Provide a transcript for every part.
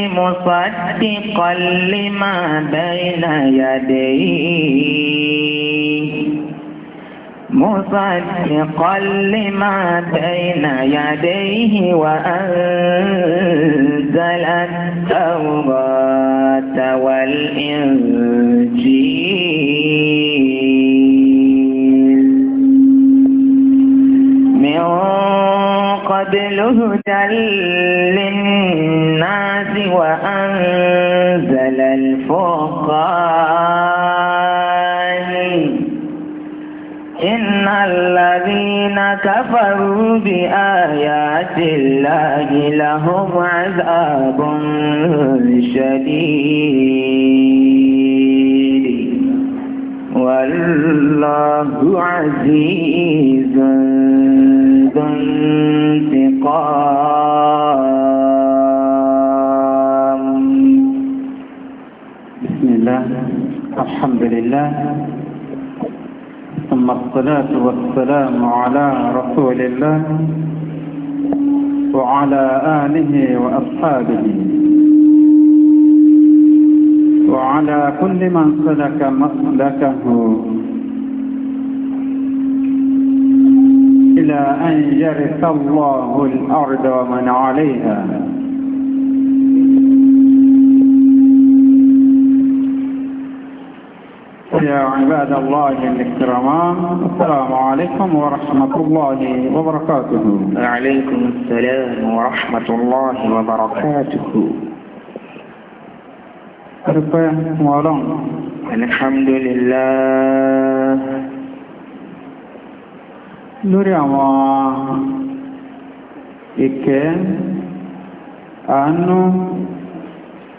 مصدقا لما بين يديه مصدقا لما بين يديه وأنزل التوراة والإنجيل من قبل هدى للناس وأنزل الفقان إن الذين كفروا بآيات الله لهم عذاب شديد والله عزيز ذو انتقام الحمد لله ثم الصلاة والسلام على رسول الله وعلى آله وأصحابه وعلى كل من سلك مسلكه إلى أن يرث الله الأرض ومن عليها يا عباد الله الكرام السلام عليكم ورحمة الله وبركاته وعليكم السلام ورحمة الله وبركاته الحمد لله نور àwọn ìkẹ́ àánú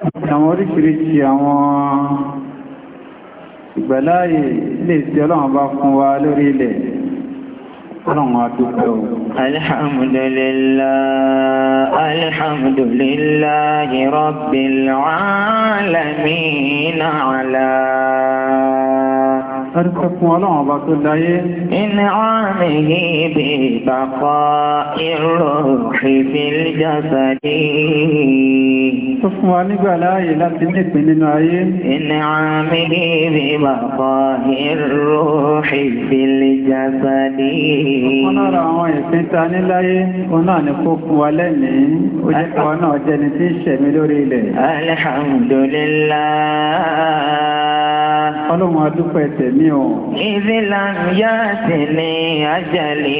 àwọn oríṣiríṣi àwọn ìgbàláyè lè tí ọlọ́run bá fún wa lórí ilẹ̀ ọlọ́run àdúgbò alhamdulillah alhamdulillah rabbil alamin ala Ẹ̀rùkọ́ fún ọlọ́run ọba tó dáyé. Iná àmì ìbí ìbàkọ́ ìrò ìfìlì jásàdé. Tó fún wa nígbà láàyè láti nípìn nínú ayé. Iná àmì ìbí ìbàkọ́ ìrò ìfìlì jásàdé. Ọ̀pọ̀ lára àwọn ìpín ta níláyé, òun náà ni kó fún wa lẹ́mìí, ó jẹ́ kọ́ náà jẹni tí ń ṣẹ̀mí lórí ilẹ̀. Alhamdulillah. Ọlọ́run adúpẹ́ tẹ̀mí mi o. ìdílàmúyá tẹ̀lé ajalè.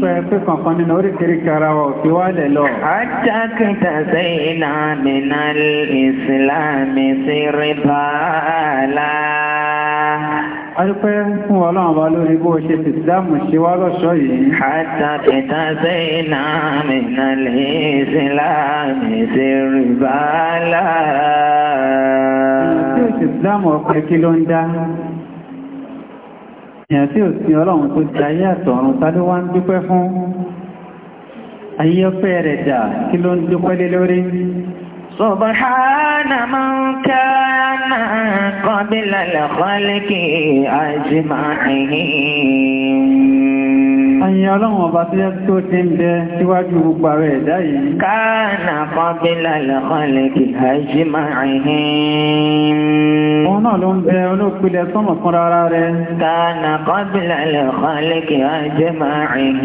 Pẹ́ pé kankan nínú oríkèéríkèé ara wa ò fi wálẹ̀ lọ. Àjàkìtà sẹ́yìn náà mìíràn ìsìlámì sí rí bàálà alúpẹ́ fún ọlọ́run bá lórí bó ṣe ti dáàmù ṣe wá lọ́ṣọ́ yìí. àtàkìtà sí iná mìíràn lè ṣe sí rí bàálà ìsìláàmù ọ̀pẹ́ kí ló ń dá èèyàn tí ò sí ọlọ́run tó ti ayé àtọ̀run ta wá ń dúpẹ́ fún ayé rẹ̀ dà kí ló ń dúpẹ́ lé lórí سبحان من كان Àyìn ọlọ́run ọba tó yẹ́ tó ti ń bẹ síwájú gbogbo ààrẹ ẹ̀dá yìí. Káànà kan bí lálẹ́kọ̀ọ́lẹ̀ kì àìjí máa rìn. Òun náà ló ń bẹ olóòpìlẹ̀ sọ́mọ̀ fún rárá rẹ̀. Káànà kan bí lálẹ́kọ̀ọ́lẹ̀ kì àìjí máa rìn.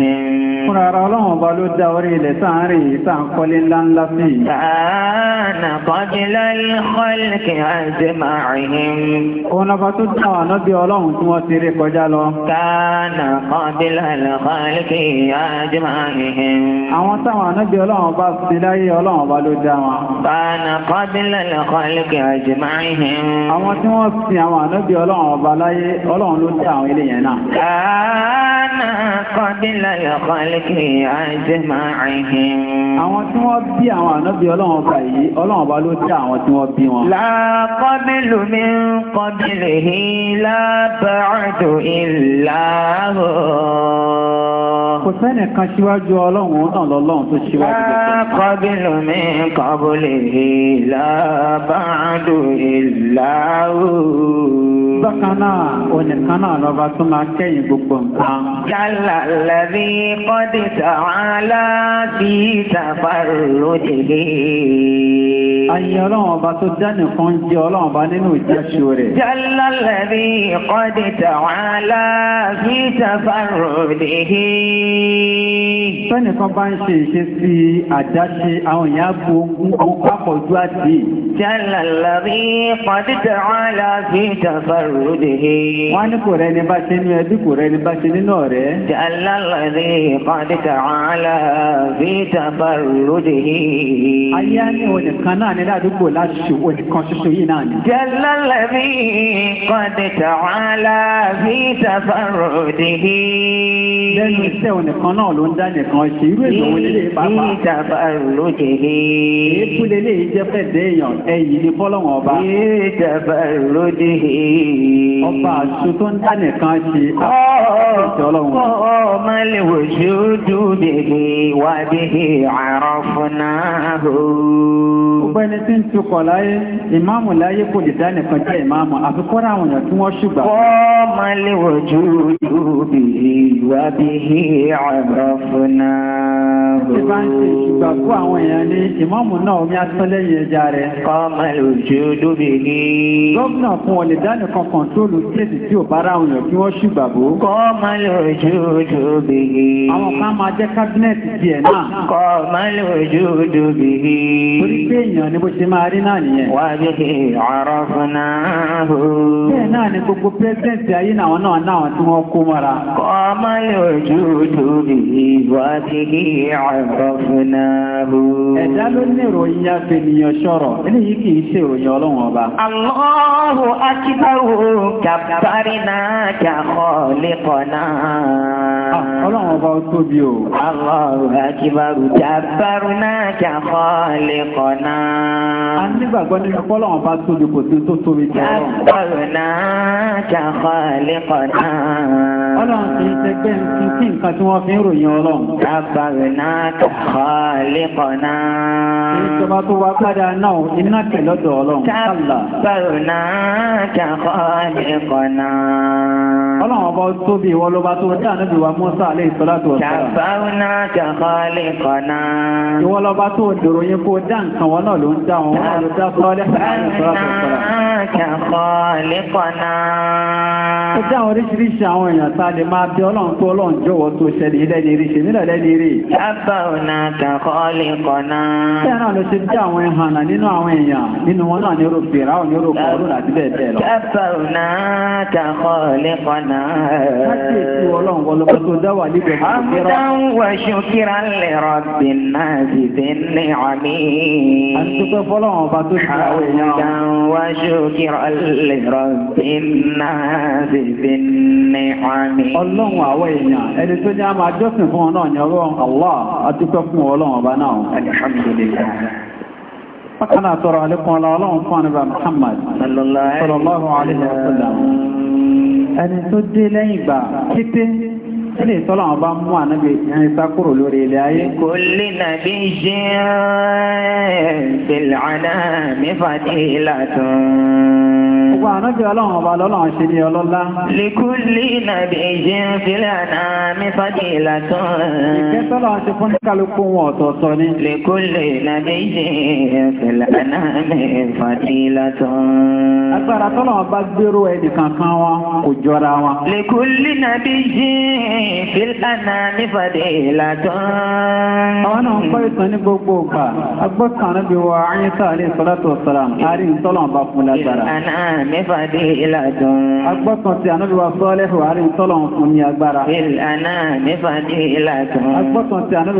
Fún rárá ọlọ́run ọba ló dá orí ilẹ̀ sáàárín ìta ń kọ́lé ńláńlá sí. Káànà kan bí lálẹ́kọ̀ọ́lẹ̀ kì àìjí máa rìn. Òun ọba tó dá àwọn àná خالق أجمعهم àwọn táwọn ànábì ọlọ́run bá fi láyé ọlọ́run bá ló dá wọn. báàna kọ́bílà lè kọ́lùkì àjùmáhìn. àwọn tí wọ́n sin àwọn ànábì ọlọ́run ọba láyé ọlọ́run ló dá àwọn ilé yẹn náà. báàna kọ́bílà lè kọ́lùkì àjùmáhìn. àwọn tí wọ́n bí àwọn ànábì ọlọ́run ọba yìí ọlọ́run ọba ló dá àwọn tí wọ́n bí wọn. làkọ́bílù mi ń kọ́bílì hí lábàádùn ìlàhùn. Kò sẹ́nì kan ṣíwájú ọlọ́run náà lọ́lọ́run tó ṣíwájú lọ́lọ́run. Kọ́bílù mi kọ́bùlì ìlà bàádù ìlà ooo. Bákan náà, onìkan náà lọ́ba tó máa kẹ́yìn gbogbo nǹkan. Yálà lẹ́bí kọ́dí sàwálá sí ìtàfàrò lójèlé. Ayé ọlọ́run ọba tó dání kan jẹ́ ọlọ́run ọba nínú ìjẹ́sù rẹ̀. Yálà lẹ́bí kọ́dí sàwálá sí ìtàfàrò lójèlé. مهين tẹ́nìkan bá ń ṣe ìṣe sí àdáṣe àwọn ìyá gbogbo pápọ̀ ojú àti. Jálàlàrí pàdídà àlà fi dàbàrò dè. Wọ́n ní kò rẹni bá ṣe nínú ẹbí kò rẹni bá ṣe nínú ọ̀rẹ́. Jálàlàrí pàdídà àlà fi dàbàrò dè. Ayá ní onìkan náà ní ládùúgbò láṣù onìkan ṣoṣo yìí náà ni. Jálàlàrí pàdídà àlà fi dàbàrò dè. Lẹ́nu iṣẹ́ onìkan náà ló wọn ṣe irú èdè òun lélẹ̀ pàápàá. ní ìjàmbá ló jẹ ní. èékú lélẹ̀ jẹ́ fẹ́ẹ̀dẹ́ èèyàn ẹ̀yìn ní fọ́lọ́wọ́n ọba. ní ìjàmbá ló jẹ ní. ọba àṣù tó ń dá nìkan ṣe àkọsílẹ̀ ọlọ́run. kọ́ ọmọ lè wò ṣe bèbè wá bèbè àrọ́ fúnná o. ọgbẹ́ ni tí ń tukọ̀ láyé ìmáàmù láyé kò lè dá nìkan jẹ́ ìmáàmù àfikọ́ra àwọn èèyàn tí wọ́n ṣùgbà. kọ́ ọmọ lè Tí bá ń ṣe ìṣùgbàgbọ́ àwọn èèyàn ní ìmọ́mù náà omi atọ́lẹ́yìn ẹja rẹ̀. Kọ́mọ lòjì olóbi ní. Gómìnà fún ọ̀lẹ̀ dání kan kọ̀ǹtólù tètè tí ò bá ra àwọn èèyàn kí wọ́n ṣùgbàgbọ́. Kọ́mọ lòjì olóbi ní. Àwọn kan máa jẹ́ kábínẹ̀tì tiẹ̀ náà. Kọ́mọ lòjì olóbi ní. Torí pé èèyàn ni bó ṣe máa rí náà nìyẹn. Wà á bí ọ̀rọ̀ fún náà. Bẹ́ẹ̀ náà ni gbogbo pírẹ́sẹ̀ntì ayé náà náà náà tí wọ́n kó mọ́ra. Kọ́mọ lòjì olóbi ní. Wà á به عرفناه ẹ̀dá ló ní ọlọ́run ọba Allahu akíbáwò kàbárínà kàkọ́ lẹ́kọ̀ọ́nà ọlọ́run ọba ó tóbi o Allahu akíbáwò kàbárínà a nígbàgbọ́ nínú ọlọ́run ọba tóbi kò sí tó tóbi tó ọlọ́run kàbárínà kàkọ́ lẹ́kọ̀ọ́nà ọlọ́run kìí ṣẹgbẹ́ ọlọ́run Àbàrìnáàkà kọ́lẹ́kọ̀ọ́ná. Ìjọba tó wá padà náà iná tẹ̀lọ́dọ̀ ọlọ́run. Àbàrìnáàkà kọ́lẹ́kọ̀ọ́ná. Ọlọ́run ọba tó ìwọ ló bá tó dá níbi wa Mọ́sá alẹ́ ìsọ́lá tó ọ̀sán. Àbàrìnáàkà kọ́lẹ́kọ̀ọ́ná. Ìwọ lọ bá tó dòrò yín kó dá nǹkan wọn náà ló ń dá wọn wọ́n ló dá kọ́lẹ́kọ̀ọ́ná. Ó dá oríṣiríṣi àwọn èèyàn tá lẹ́ni rí. Lábà ọ̀nà àtàkọ́ọ̀lì kọ̀nà. Bẹ́ẹ̀ náà ló ṣe bí àwọn ẹ̀hànà nínú àwọn èèyàn nínú wọn náà ní oró ọlọ́run Allah àti pẹ́kún ọlọ́run ọba náà. Alhamdulillah. Bákan náà tọrọ àlékún ọlá ọlọ́run fún àníbà Muhammad sallallahu alaihi wa sallam. Ẹni tó dé lẹ́yìn ìgbà kété kí ni ìtọ́lọ̀ àwọn bá mú ànábì Ìsá kúrò lórí ilẹ̀ ayé. kulli nabiyyin bil anami fadilatun gbogbo ànábì ọlọ́run ọba lọ́lọ́run ṣe ní ọlọ́lá. Likulli nabiyyin fil anami fadilatun. Ìkẹ́tọ́lọ́ ṣe fún kálukú wọn ọ̀tọ̀ọ̀tọ̀ ni. Likulli nabiyyin fil anami fadilatun agbára tọ́lọ́wọ́ bá gbérò ẹnì kankan wọn kò jọra wọn. lèkúlì nàbí yìí fìlànà nífàdé ìlàtàn. àwọn náà ń kọ́ ìtàn ní gbogbo ìgbà agbọ́ kan níbi wọ àyíká àlẹ́ ìsọ́látò sàràm àárín ìtọ́lọ́wọ́ bá fún lágbára. fìlànà nífàdé ìlàtàn. agbọ́ kan ti ànábi wa sọ́ọ́lẹ́ fún àárín ìtọ́lọ́wọ́ fún ní agbára. fìlànà nífàdé ìlàtàn. agbọ́ ti ànábi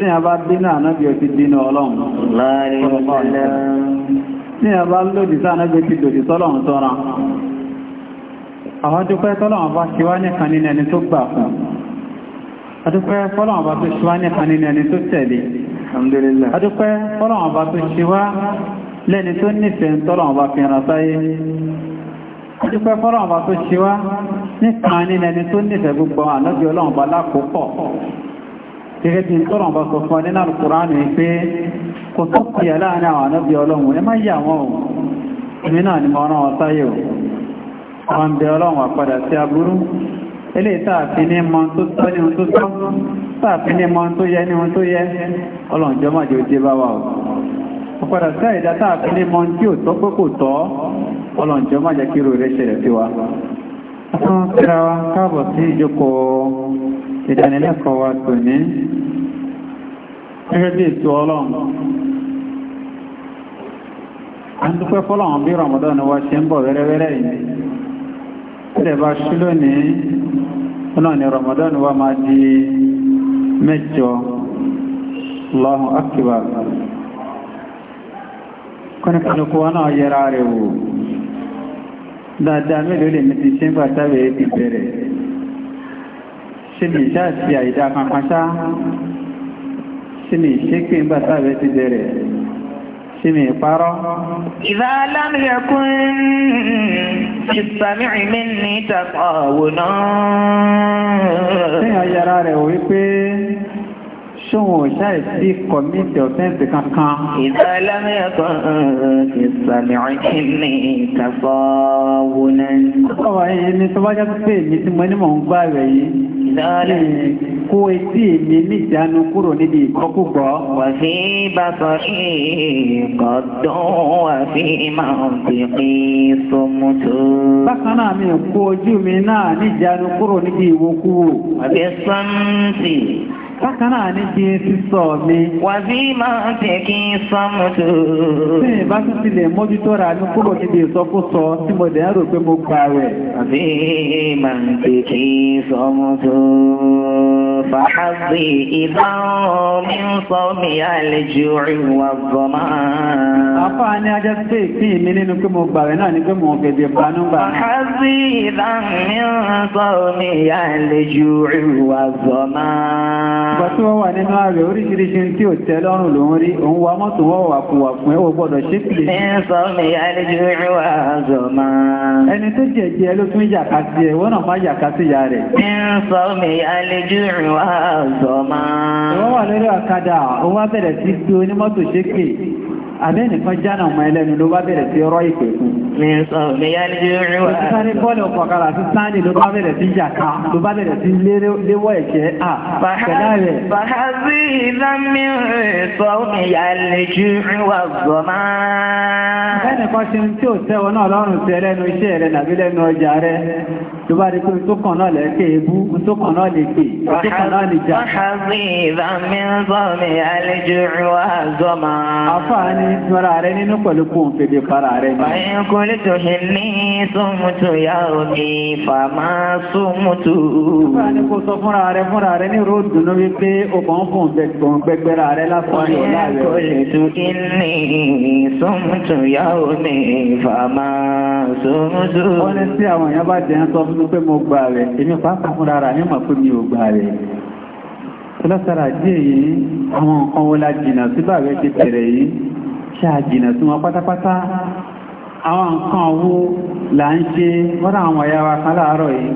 tí a bá dínà ànábì ọtí dínà ọlọ́run tí a bá lòdì sí ànábì ọtí lòdì sọ́lọ́run tọ́ra àwọn dúpẹ́ tọ́lọ́run bá ṣíwá nìkan nínú ẹni tó gbà fún adúpẹ́ fọ́lọ́run bá tó ṣíwá nìkan nínú ẹni tó tẹ̀lé adúpẹ́ fọ́lọ́run bá tó ṣíwá lẹ́ni tó nífẹ̀ẹ́ tọ́lọ́run bá fi ràn sáyé Adúpẹ́ fọ́lọ́run bá tó ṣíwá nìkan nínú ẹni tó nífẹ̀ẹ́ gbogbo ànábì ọlọ́run bá lákòópọ̀ gẹ́gẹ́ bí tọ́rọ̀ bá sọ fún nínú alùkùránì pé kò tó fi aláàrin àwọn anábí ọlọ́run ẹ má yà wọ́n o èmi náà ni mọ́rán wọn o wọ́n bẹ ọlọ́run àpadà sí aburú ilé tààfin ní mọ́ tó tọ́ ní ohun tó tọ́ tààfin ní mọ́ tó yẹ ní ohun tó yẹ ọlọ́run máa jẹ́ òjé bá wà o ọ̀padà sí àìdá tààfin ní mọ́ tí ò tọ́ pé kò tọ́ ọlọ́run jọ máa jẹ́ kí irú rẹ̀ ṣẹlẹ̀ sí wa. a tún kíra wa káàbọ̀ ìdánilẹ́kọ̀ọ́ wa tò ní gẹ́gẹ́ bí ètò ọlọ́run a ń dúpẹ́ fọ́lọ́run bí Ramadan wa ṣe ń bọ̀ wẹ́rẹ́wẹ́rẹ́ yìí tẹ́lẹ̀ bá ṣú lónìí náà ni Ramadan wa máa di mẹ́jọ Allahu akbar kọ́nìkanukú wa náà yẹra rẹ̀ wò dáadáa mélòó lè mi ṣe mi ṣáà ṣe àìdá kankan ṣá ṣe mi ṣe pé ń bá sábẹ́ ti bẹ̀rẹ̀ ṣe mi parọ́. ìdá alámìyẹkùn ìsàmì mi ní ìtàkùn àwòrán. sẹ́yìn ayára rẹ̀ wípé ṣóhun ọ̀ṣá ìsí kọ̀míṣẹ̀ ọ̀fẹ́ǹsì kankan. ìsàlámẹ́kọ̀ ìsàlẹ̀ọ̀kìnì ìtàkọ̀ wọnà. ọ̀wọ̀ ni tó bá ní mò ń gbà rẹ̀ yìí náàrí kó etí èmi níjánu kúrò níbi ìkọkúgbọ́. wà sí bàtọ̀ ìkọ̀dún wà sí máa tètè sọmútó. bákan náà mi kó ojú mi náà níjánu kúrò níbi ìwòkúwò. àbí sọ́ńtì. Bákan náà ní kí n ti sọ mi. Wà bí máa tẹ̀ kí n sọ mọ́tò. Tí n bá tún ti lè mójútó ra ní kúrò níbi ìsọkúsọ tí mo dẹ̀ ń rò pé mo gbà rẹ̀. Wà bí máa tẹ̀ kí n sọ mọ́tò. فحظي إذا من صومي الجوع والظمآن àfáàní ajẹ́ sí ìpín mi nínú pé mo gbàrẹ̀ náà ní pé mo gẹ̀dẹ̀ banú gbà náà. àhásí ìdámi ń sọ omi ìyá ìlejò ìwà zọ́mà. ìgbà tí wọ́n wà nínú ààrẹ oríṣiríṣi tí ò tẹ́ lọ́rùn ló ń rí òun wa mọ́tò wọ́n wà kù wà fún wá sọ máa. Ìwọ́n wà lórí ọ̀kadà, òun wá bẹ̀rẹ̀ sí gbé onímọ́tò ṣépè àbẹ́nìkan jánà ọmọ ẹlẹ́nu ló bá bẹ̀rẹ̀ sí ọ̀rọ̀ ìpè fún. mi sọ mi yá ní orí wa. òtítà ní bọ́ọ̀lù ọ̀pọ̀kara sí sáàni ló bá bẹ̀rẹ̀ sí yàká ló bá bẹ̀rẹ̀ sí léwọ́ ẹ̀jẹ̀ à pẹ̀lá rẹ̀. bàhásí ìdámí sọ mi yá lè ju ìwà gbọ̀má. àbẹ́nìkan ṣe ń tí ò tẹ́wọ́ náà lọ́rùn sí ẹlẹ́nu iṣẹ́ rẹ̀ rí pé tó kàn náà lẹ́kẹ̀ ebú tó kàn náà lè pè tó kàn náà lè jà. bàhásí ìdámí sọ mi yá lè ju ìwà gbọ̀má. àfààní ní túnra rẹ nínú pẹ̀lú kóhùn fèdè para rẹ ni. báyìí kò lè tó ṣe ní sómùtù yá omi fàmà sómùtù. nígbà ní kò sọ fúnra rẹ fúnra rẹ ní ro dùnú wípé o kàn ń fún gbẹ̀gbọ̀n gbẹgbẹ́ra rẹ lásán yóò láàyò. báyìí kò lè tó ṣe ní sómùtù yá omi fàmà sómùtù. wọ́n ní sí àwọn èèyàn bá jẹ́ ń sọ fún mi pé mo gbà rẹ̀ èmi pàápàá fúnra rà ní pé mi ò gbà rẹ̀ lọ́sára díẹ̀ yìí àwọn nǹkan wọlá jìnà síbàwẹ́ ti bẹ̀rẹ̀ yìí ṣàjìnà tí wọn pátápátá àwọn nǹkan owó là ń ṣe wọ́n àwọn wa kan láàárọ̀ yìí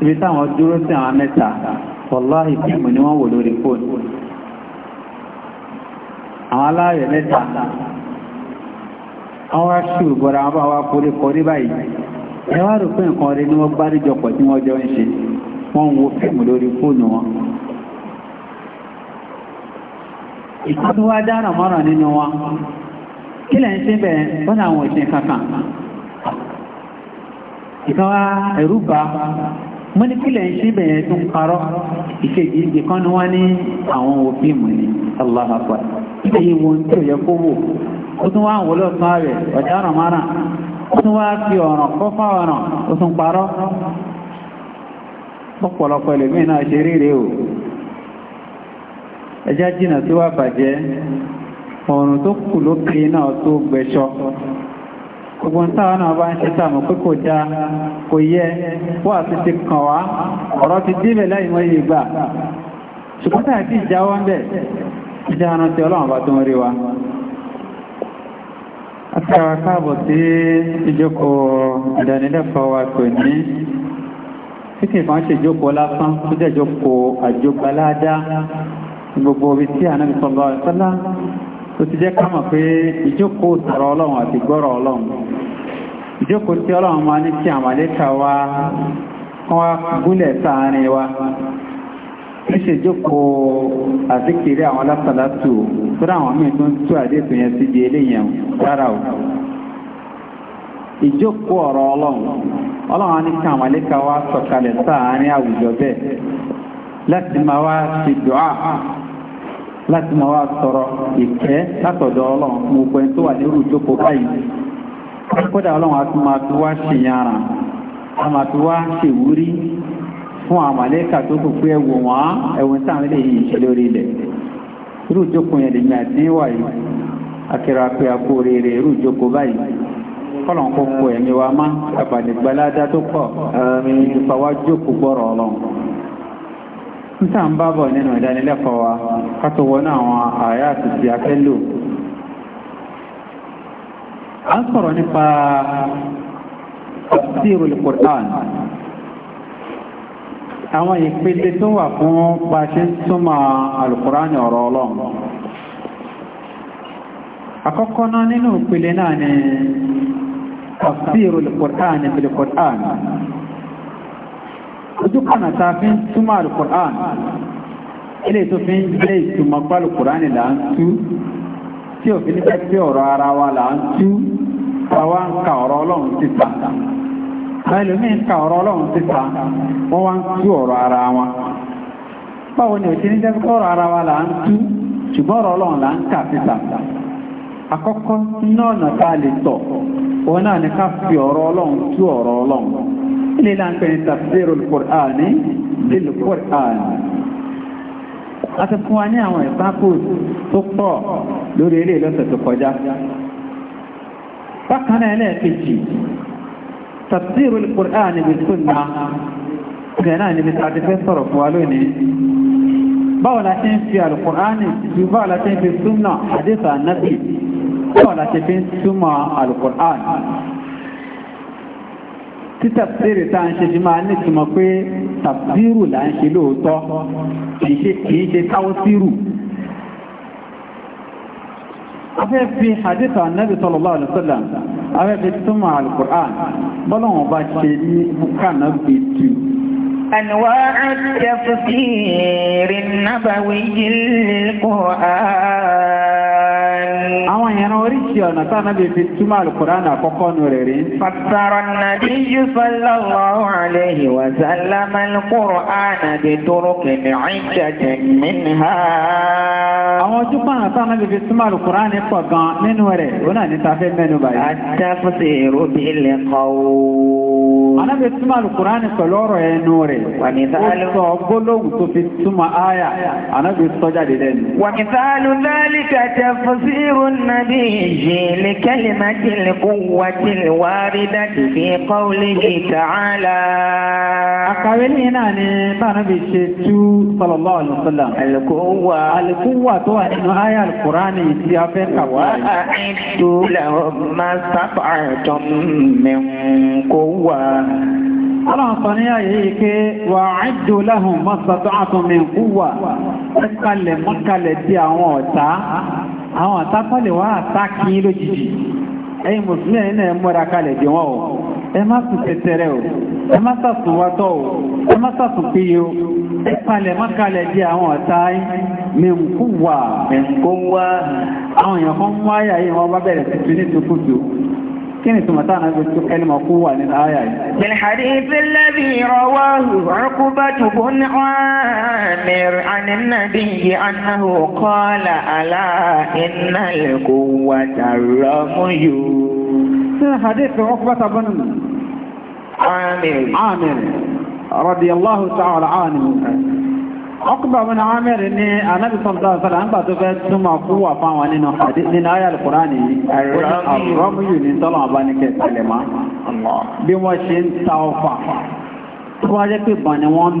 ibi táwọn dúró sí àwọn mẹ́ta wọláhì fíìmù ni wọ́n wò lórí fóònù àwọn aláàrẹ̀ mẹ́ta wọ́n wá wọn bá wá kórí kọrí báyìí rò pé nǹkan ni wọ́n tí wọ́n jọ ń ṣe wọ́n wo fíìmù lórí fóònù wọn nínú wọn kílẹ̀ ń tí bẹ̀rẹ̀ wọ́n àwọn òṣìṣẹ́ kankan ìkanwá ẹ̀rú bá mọ́ ní kí lẹ́yìn tí bẹ̀rẹ̀ tún parọ́ ìkejì ìkan ni wọ́n ní àwọn òfin mọ̀ ní Allahu Akbar ilé yìí tí ò yẹ kó wò tún wá àwọn olóòtú rẹ̀ o ẹjá jìnnà tí wàá bàjẹ́ ọ̀run tó kù lókè náà tó gbẹ̀ṣọ́ gbogbo ń táwọn náà bá ń ṣe sàmù pé kò dáa kò yẹ wà ti ti kàn wá ọ̀rọ̀ ti débẹ̀ láì mọ́ iye gbà ṣùgbọ́n táà sí ìjáwọ́ ń bẹ̀ ìjẹ́ ara ti ọlọ́run bá tó ń rí wa Àtàwà káàbọ̀ sí ìjókòó ìdánilẹ́kọ̀ọ́ wa kò ní títí kan ṣe ìjókòó lásán tó jẹ́ ìjókòó àjọgbáládá gbogbo orí tí ànábì ó ti jẹ́ kámọ̀ pé ìjókòó sọ̀rọ̀ ọlọ́run àti gbọ́rọ̀ ọlọ́run ìjókòó tí ọlọ́run máa ní kí àmàlẹ́kà wá kán wá gúnlẹ̀ sáàárín wa níṣe jókòó àzíkiri àwọn alásàlátù tó ráwọn míì tó ń tú àdéhùn yẹn sí di eléyẹn rárá o ìjókòó ọ̀rọ̀ ọlọ́run ọlọ́run á ní kí àmàlẹ́kà wá sọ̀kalẹ̀ sáàárín àwùjọ bẹ́ẹ̀ láti máa wá ti dùn láti máa wá sọ̀rọ̀ ìkẹ́ látọ̀dọ̀ ọlọ́run mo gbẹ́ tó wà nírú ìjókòó báyìí kódà ọlọ́run a tún máa fi wá ṣèyànra a máa fi wá ṣèwúrí fún àmàlẹ́kà tó kù pé ẹwù wọ́n ẹ̀wọ̀n táwọn ilé yìí ṣe lórí ilẹ̀ irú ìjókòó yẹn lèmi àti wà yìí akẹ́rọ apẹ́ akó rere irú ìjókòó báyìí kọ́lọ̀n kó kó ẹ̀mí wa má àbàlẹ̀gbẹ́ládá tó pọ̀ ìdùpàwájú kò gbọ́rọ̀ ọlọ́run níta ń bábọ̀ nínú ìdánilẹ́kọ̀ọ́ wa kátó wọnú àwọn ààyè àtúntì akẹ́lò a ń sọ̀rọ̀ nípa tafsir al-Qur'an àwọn ìpele tó wà fún bá ṣe ń túmọ̀ al-Qur'an ọ̀rọ̀ ọlọ́run àkọ́kọ́ náà nínú ìpele náà ni tafsir al-Qur'an bil-Qur'an ojú kànà ta fi ń túmọ̀ alukur'an ilé tó fi ń gbé ìtumọ̀ pa tí ní ara wa là ń tú ń ka ọ̀rọ̀ ọlọ́run ti ta ẹlòmíì ń ka ọ̀rọ̀ ọlọ́run ti ta wọ́n wá ń tú ara wa báwo ni ní wa là ń tú ṣùgbọ́n ọ̀rọ̀ ọlọ́run là ń kà àkọ́kọ́ náà nà lè tọ̀ òun náà ká fi ọ̀rọ̀ ọlọ́run tú ilé náà ń pè ní tafsir al-Qur'ani bil-Qur'ani a ti fún wa ní àwọn ìsáàpù tó pọ̀ lórí ilé lọ́sẹ̀ tó kọjá bákan náà ẹlẹ́ẹ̀kejì tafsir al-Qur'ani bis-sunnah ìgbẹ̀ náà níbi tàbí fẹ́ sọ̀rọ̀ fún wa lónìí báwo la ṣe ń fi al-Qur'ani ju báwo la ṣe ń fi súnà àdéṣà náà báwo la ṣe fi súnmọ́ al-Qur'ani tí tàbísírì tá ń ṣe fi máa nítumọ̀ pé tàbísírù là ń ṣe lóòótọ́ kìí ṣe táwọ́sírù afẹ́ fi hadita nabi sallallahu alaihi wasallam afẹ́ fi túmọ̀ alukur'an bọ́lọ́wọ́n bá ṣe ní kànáà gbé tù أنواع التفسير النبوي للقرآن أوان ينوري شيئا نبي في السماء القرآن أقوقون وريرين فسر النبي صلى الله عليه وسلم القرآن بطرق عدة منها أوان جمعا نبي في القرآن أقوقون من وريرين هنا نتافي منه بايه التفسير بالقول Anábì túmọ̀ alùkùránì pẹ̀lú ọ̀rọ̀ ẹnu rẹ̀. Ó sọ gbólóhùn tó fi túmọ̀ áyà, anábì sọ jáde lẹ́nu. Wa mithalu dhalika tafsiru nabiyyi li kalimatil quwwatil waridati fi qawlihi ta'ala. Àkàwé lẹ́yìn náà ni Bánábì ṣe tú sallallahu alaihi wasallam. Al-quwwa. Al-quwwa tó wà nínú áyà alùkùránì tí a fẹ́ kàwé. Wa a'iddu lahum ma istata'tum min quwwa. ọlọ́run sọ ní ààyè yìí pé wà áìdò láhùn mọ́sàtọ́ àtúnmí kú wà mọ́kàlẹ̀ mọ́kàlẹ̀ àwọn ọ̀tá àwọn ọ̀tá kọ́lẹ̀ wá àtàkì lójijì ẹ̀yin mùsùlùmí ẹ̀yin náà múra kalẹ̀ dì wọ́n o ẹ má sùn tẹ̀tẹ̀rẹ̀ o ẹ má wátọ́ o ẹ má àwọn ọ̀tá wá àwọn èèyàn kan yìí wọ́n bá bẹ̀rẹ̀ كيني للآية من آية. الذي رواه عقبة بن عامر عن النبي أنه قال ألا إن القوة الرمي حديث عقبة بن عامر عامر رضي الله تعالى عنه Ọkùnbà bin Amir ní Anábi Sọ́lọ́sọ́lá sọ́lá ń gbà tó fẹ́ túnmà fún wà fáwọn nínú nínú ayà Al-Qur'ani àrọ́mùyù ní tọ́lọ̀ àbá ní kẹtàlẹ̀ máa. Bí wọ́n ṣe ń ta ọfà, tó wáyé pé bọ̀ ni wọ́n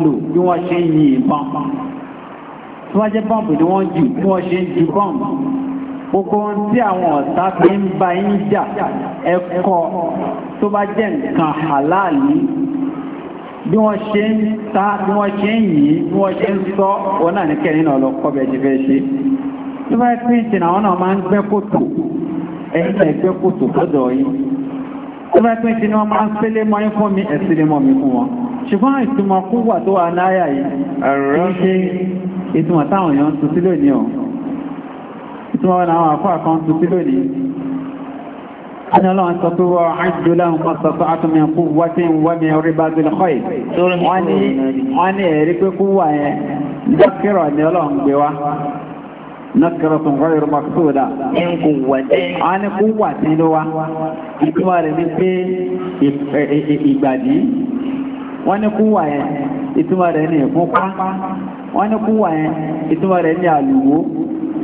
lò Gbogbo ohun tí àwọn ọ̀tá fi ń ba yín jà ẹ̀kọ́ tó bá jẹ́ nǹkan àláàlì bí wọ́n ṣe ń ta bí wọ́n ṣe ń yìí bí wọ́n ṣe ń sọ wọn náà ní kẹrin náà lọ kọ́ bẹ̀ẹ́ fẹ́ ṣe tó bá pín ìsìn àwọn náà máa ń gbẹ́ kòtò ẹ̀yìn náà gbẹ́ kòtò lọ́dọ̀ yìí tó bá pín ìsìn wọn máa ń fẹ́lé mọ́ yín fún mi ẹ̀sìn lè mọ́ mi fún wọn ṣùgbọ́n ìtumọ̀ kú wà tó wà náyà yìí kìí ṣe ìtumọ̀ táwọn èèyàn tuntun أنا لا أستطيع أعد لهم ما استطعت من قوة ومن رباط الخير وأني أريك قوة ذكرة لهم بوا نكرة غير مقصودة من قوة عن قوة لوا إكمال من إبادي wọ́n ní kúwà yẹn ìtumọ̀ rẹ̀ ní ìfúnpá wọ́n ní kúwà yẹn ìtumọ̀ rẹ̀ ní àlùwò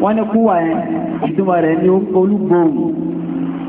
wọ́n ní kúwà yẹn ìtumọ̀ rẹ̀ ní olúgbòhùn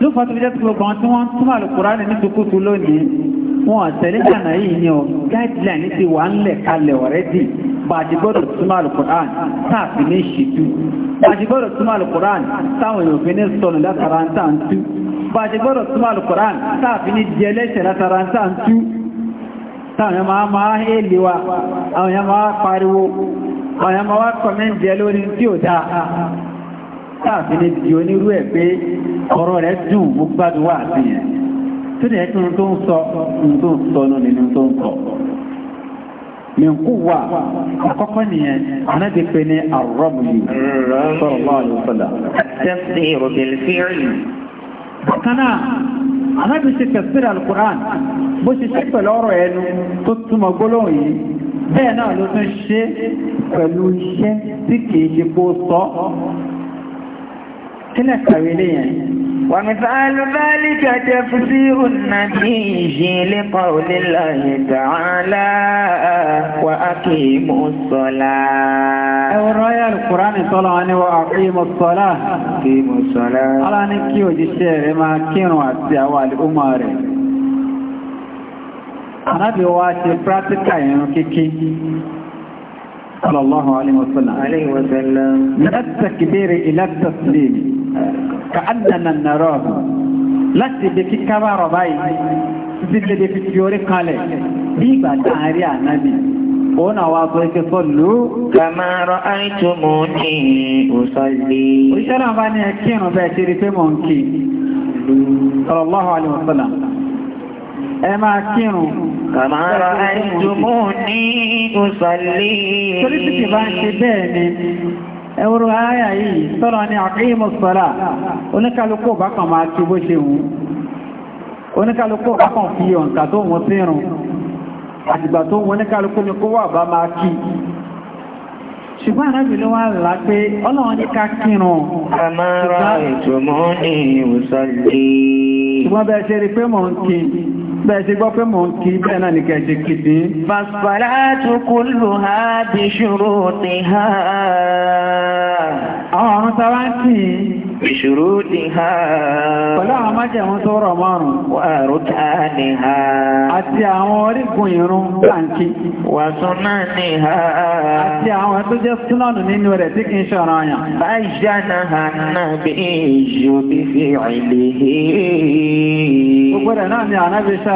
ló fọ́ tó fi jẹ́ tó gbọ́n tí wọ́n túmọ̀ àlùkùránì ní tukutu lónìí wọn àtẹ̀lé jàǹdà yìí ni ọ guideline ti wà ńlẹ̀ kalẹ̀ ọ̀rẹ́dì bàjẹ́gbọ́dọ̀ túmọ̀ àlùkùránì táàfin ní ìṣètú bàjẹ́gbọ́dọ̀ túmọ̀ àlùkùránì táwọn èèyàn fi ní sọnù látara ń tàn tú bàjẹ́gbọ́dọ̀ túmọ̀ àlùkùránì táàfin ní di ẹlẹ́ṣẹ̀ látara ń tàn tú táwọn yẹn máa máa hélè wa àwọn yẹn máa pariwo àwọn yẹn máa kọ́mẹ́ǹdì ẹ tí ò dáa táàfi ní di onírú ẹ̀ pé ọ̀rọ̀ rẹ̀ dùn mú gbádùn wà sí yẹn tó ní ẹ̀kún tó ń sọ ń tó ń sọ nù nínú tó ń sọ mẹ́kú wà àkọ́kọ́ nìyẹn anábì pé ní àrọ́bùlì sọ̀rọ̀ bá àlùfọ́là. tẹ́sí ìròbìlì fíìrì. kanáà anábì ṣe tẹ̀síra alukur'an bó ṣe ṣe pẹ̀lú ọ̀rọ̀ ẹnu tó túmọ̀ gbólóhùn yìí bẹ́ẹ̀ náà ló tún ṣe pẹ̀lú iṣẹ́ tí kìí ṣe kó sọ ومثال ذلك تفسير النبي لقول الله تعالى وأقيموا الصلاة الرأي القرآن صلى الله عليه وأقيموا الصلاة أقيموا الصلاة على نكي وجشير ما كانوا أسيوا الأمار أنا بواسي براتيكا ينكيكي صلى الله عليه وسلم عليه وسلم من التكبير إلى التسليم ka annana nàrọ̀ láti ibi kí kábàárọ̀ báyìí títí lédè fi fi orí kalẹ̀ bí ìgbà tá à ń rí ànábì òun náà wá sọ ike sọlù. kàmáàrọ̀ àìtùmù ní òsọ̀lì. òṣìṣẹ́ náà bá ní ẹkírun bẹ́ẹ̀ ṣe rí pé mò ń kí sallallahu ẹwọ́rọ̀ ayà yìí sọ́rọ̀ ní àkíyìmọ̀ sọ́lá oníkàlùkù bá kàn máa kí bó ṣe wù oníkàlùkù bá kàn fi ọ̀nkà tó mú sírùn àtìgbà tó wọn oníkàlùkù ní kó wà bá máa kí ṣùgbọ́n arábìnrin wá bẹ́ẹ̀ ṣe gbọ́ pé mò ń kí bẹ́ẹ̀ náà ní kẹ́ẹ̀ṣe kìtì. Fassalatu kulluha bi shurutiha. Àwọn ọ̀run sáwá ń kì í. Bi shurutiha. Pẹ̀lú àwọn májẹ̀mú tó rọ̀ Àti àwọn tó jẹ́ súnánù nínú rẹ̀ tí kì í ṣọ̀rọ̀ àyàn. Bayyanaha an-nabiyyu bi fi'lihi. Gbogbo rẹ̀ náà ni ànábi ṣá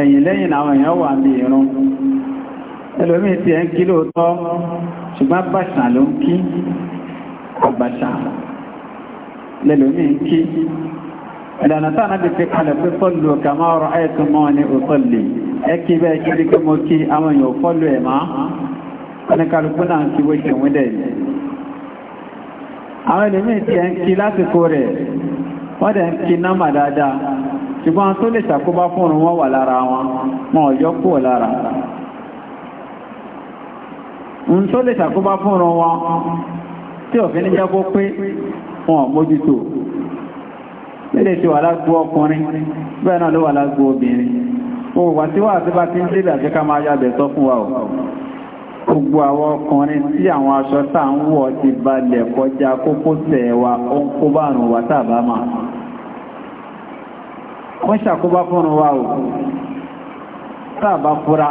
ẹ̀yìn lẹ́yìn àwọn èèyàn wà ní ìrún ẹlòmí ti ẹ̀ ń kí lóòótọ́ ṣùgbọ́n bàṣà ló ń kí ọ̀bàṣà lẹ́lòmí ń kí ìlànà táànà bí fi kalẹ̀ pé fọ́lù ọ̀kà máa rọ ẹ̀tún mọ́ ní òtọ́lì ẹkí bẹ́ẹ̀ kí rí kí mo kí àwọn èèyàn fọ́lù ẹ̀ máa ọ̀nìkàlùkù náà ti wé ṣòwò dẹ̀ àwọn ẹlòmí ti ẹ̀ ń kí lásìkò rẹ̀ wọ́n dẹ̀ ń kí náà mà dáadáa ṣùgbọ́n tó lè ṣàkóbá fún wọn wà lára wọn wọn ọ̀yọ́ kúrò lára ń tó lè ṣàkóbá fún wọn tí òfin ní jábó pé wọn ò mójútó lédè tí wà lágbó ọkùnrin bẹ́ẹ̀ náà ló wà lágbó obìnrin òwà tí wà tí bá ti ń débì àti ká máa yàbẹ̀ sọ fún wa ò gbogbo àwọn ọkùnrin tí àwọn aṣọ tá à ń wọ̀ ti balẹ̀ kọjá kókósẹ̀ wa ó ń kó bá àrùn wa tàbá máa wọ́n ṣàkóbá fún wa o sáàbá fúra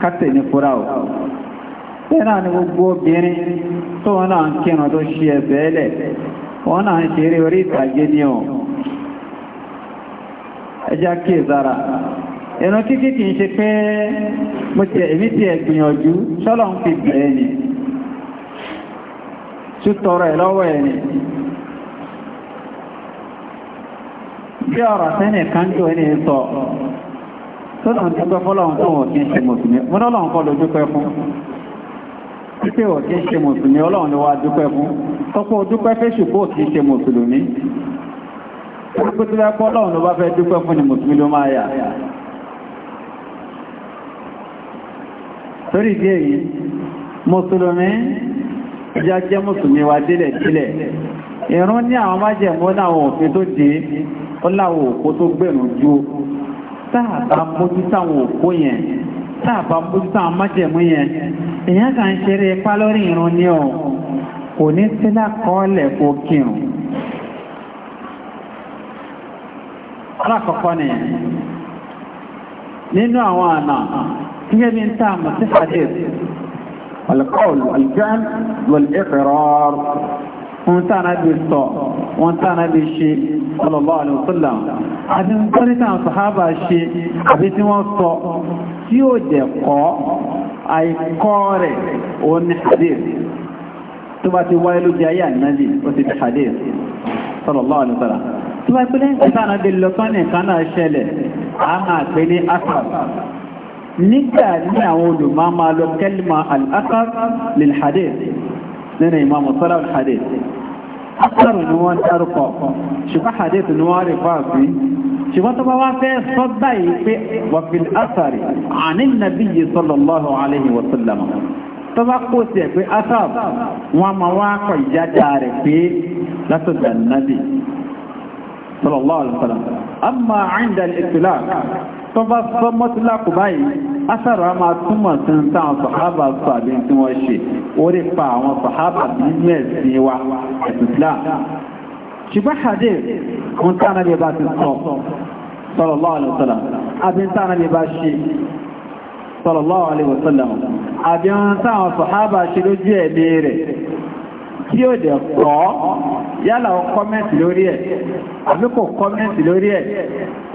kátẹ̀ ní fúra o tẹ́nà ni gbogbo obìnrin tó wọ́n náà ń kírun tó ṣe ẹ̀bẹ̀ ẹlẹ̀ wọ́n náà ń ṣeré orí ìtàgé ní ọ̀ ẹjá kí ìzára ẹ̀nà kíkí kìí ṣe pé èmi ti ẹ̀gbìyànjú sọ́lọ́ ń fi bẹ̀ẹ́ ni tútọrọ ẹ̀ lọ́wọ́ ẹ̀ ni tí ọ̀rọ̀ tẹ́nì kan jò ní sọ tó lọ ti gbọ́ fọ́lọ́run tó wọ́n kí ń ṣe mùsùlùmí mú lọ́lọ́run kọ́ ló dúpẹ́ fún pípé wọ́n kí ń ṣe mùsùlùmí ọlọ́run ló wá dúpẹ́ fún tọ́pọ̀ dúpẹ́ fẹ́ṣù kó kí ń ṣe mùsùlùmí pípé tó lẹ́pọ̀ ọlọ́run ló bá fẹ́ dúpẹ́ fún ni mùsùlùmí ló máa yà torí ìdí èyí mùsùlùmí ìjà jẹ́ mùsùlùmí wa délẹ̀ délẹ̀ ìrún ní àwọn májẹ̀mú náà òfin tó dé ọláwọ òkú tó gbẹ̀rún ju táàbà mójú táwọn òkú yẹn táàbà mójú táwọn májẹ̀mú yẹn èèyàn kà ń ṣeré ipá lórí irun ní ọ kò ní sílá kọ́ọ̀lẹ̀ kó kírun. alákọ̀ọ́kọ́ ni nínú àwọn àna gẹ́gẹ́ bí ń tà mọ̀ sí hadith alkọ́ọ̀lù aljáàmù wal iqrar wọn tánà bí sọ wọn tánà bí ṣe sallallahu alaihi wasallam àti tọ́lítà sàhábà ṣe àbí tí wọ́n sọ tí ó jẹ́ kọ́ àìkọ́ rẹ̀ òun ni hadith tó bá ti wáyé lójú ayé ànábì ó ti di hadith sallallahu alaihi wasallam tó bá pẹ́ lẹ́yìn tánà bí lọ́tọ́ nìkan nínú ìmọ̀ mọ̀sọ́lá al asaru ni wọ́n dárúkọ ọ̀kan ṣùgbọ́n hadith ni wọ́n rí fáà sí ṣùgbọ́n tó bá wá fẹ́ sọ báyìí pé wàfin asari àní nàbí yìí sallallahu alaihi wa sallam tó bá kó sí ẹ̀ pé asar wọn máa wá kọ ìyájà rẹ̀ pé látọ̀dà nàbí sallallahu alaihi wa tó bá sọ mọ́tíláàkù báyìí asára máa túmọ̀ sí ń táwọn sọ̀hábà sọ àbí tí wọ́n ṣe orí pa àwọn sọ̀hábà nínú ẹ̀sìn wa ẹ̀sìn Islam ṣùgbọ́n ṣàdé ohun tí ànábì bá ti sọ sallallahu alaihi wasallam àbí tí ànábì bá ṣe sallallahu alaihi wasallam àbí táwọn sọ̀hábà ṣe lójú ẹ̀mí rẹ̀ tí ó dẹ̀ kọ́ yálà ó kọ́mẹ́ǹtì lórí ẹ̀ àbí kò kọ́mẹ́ǹtì lórí ẹ̀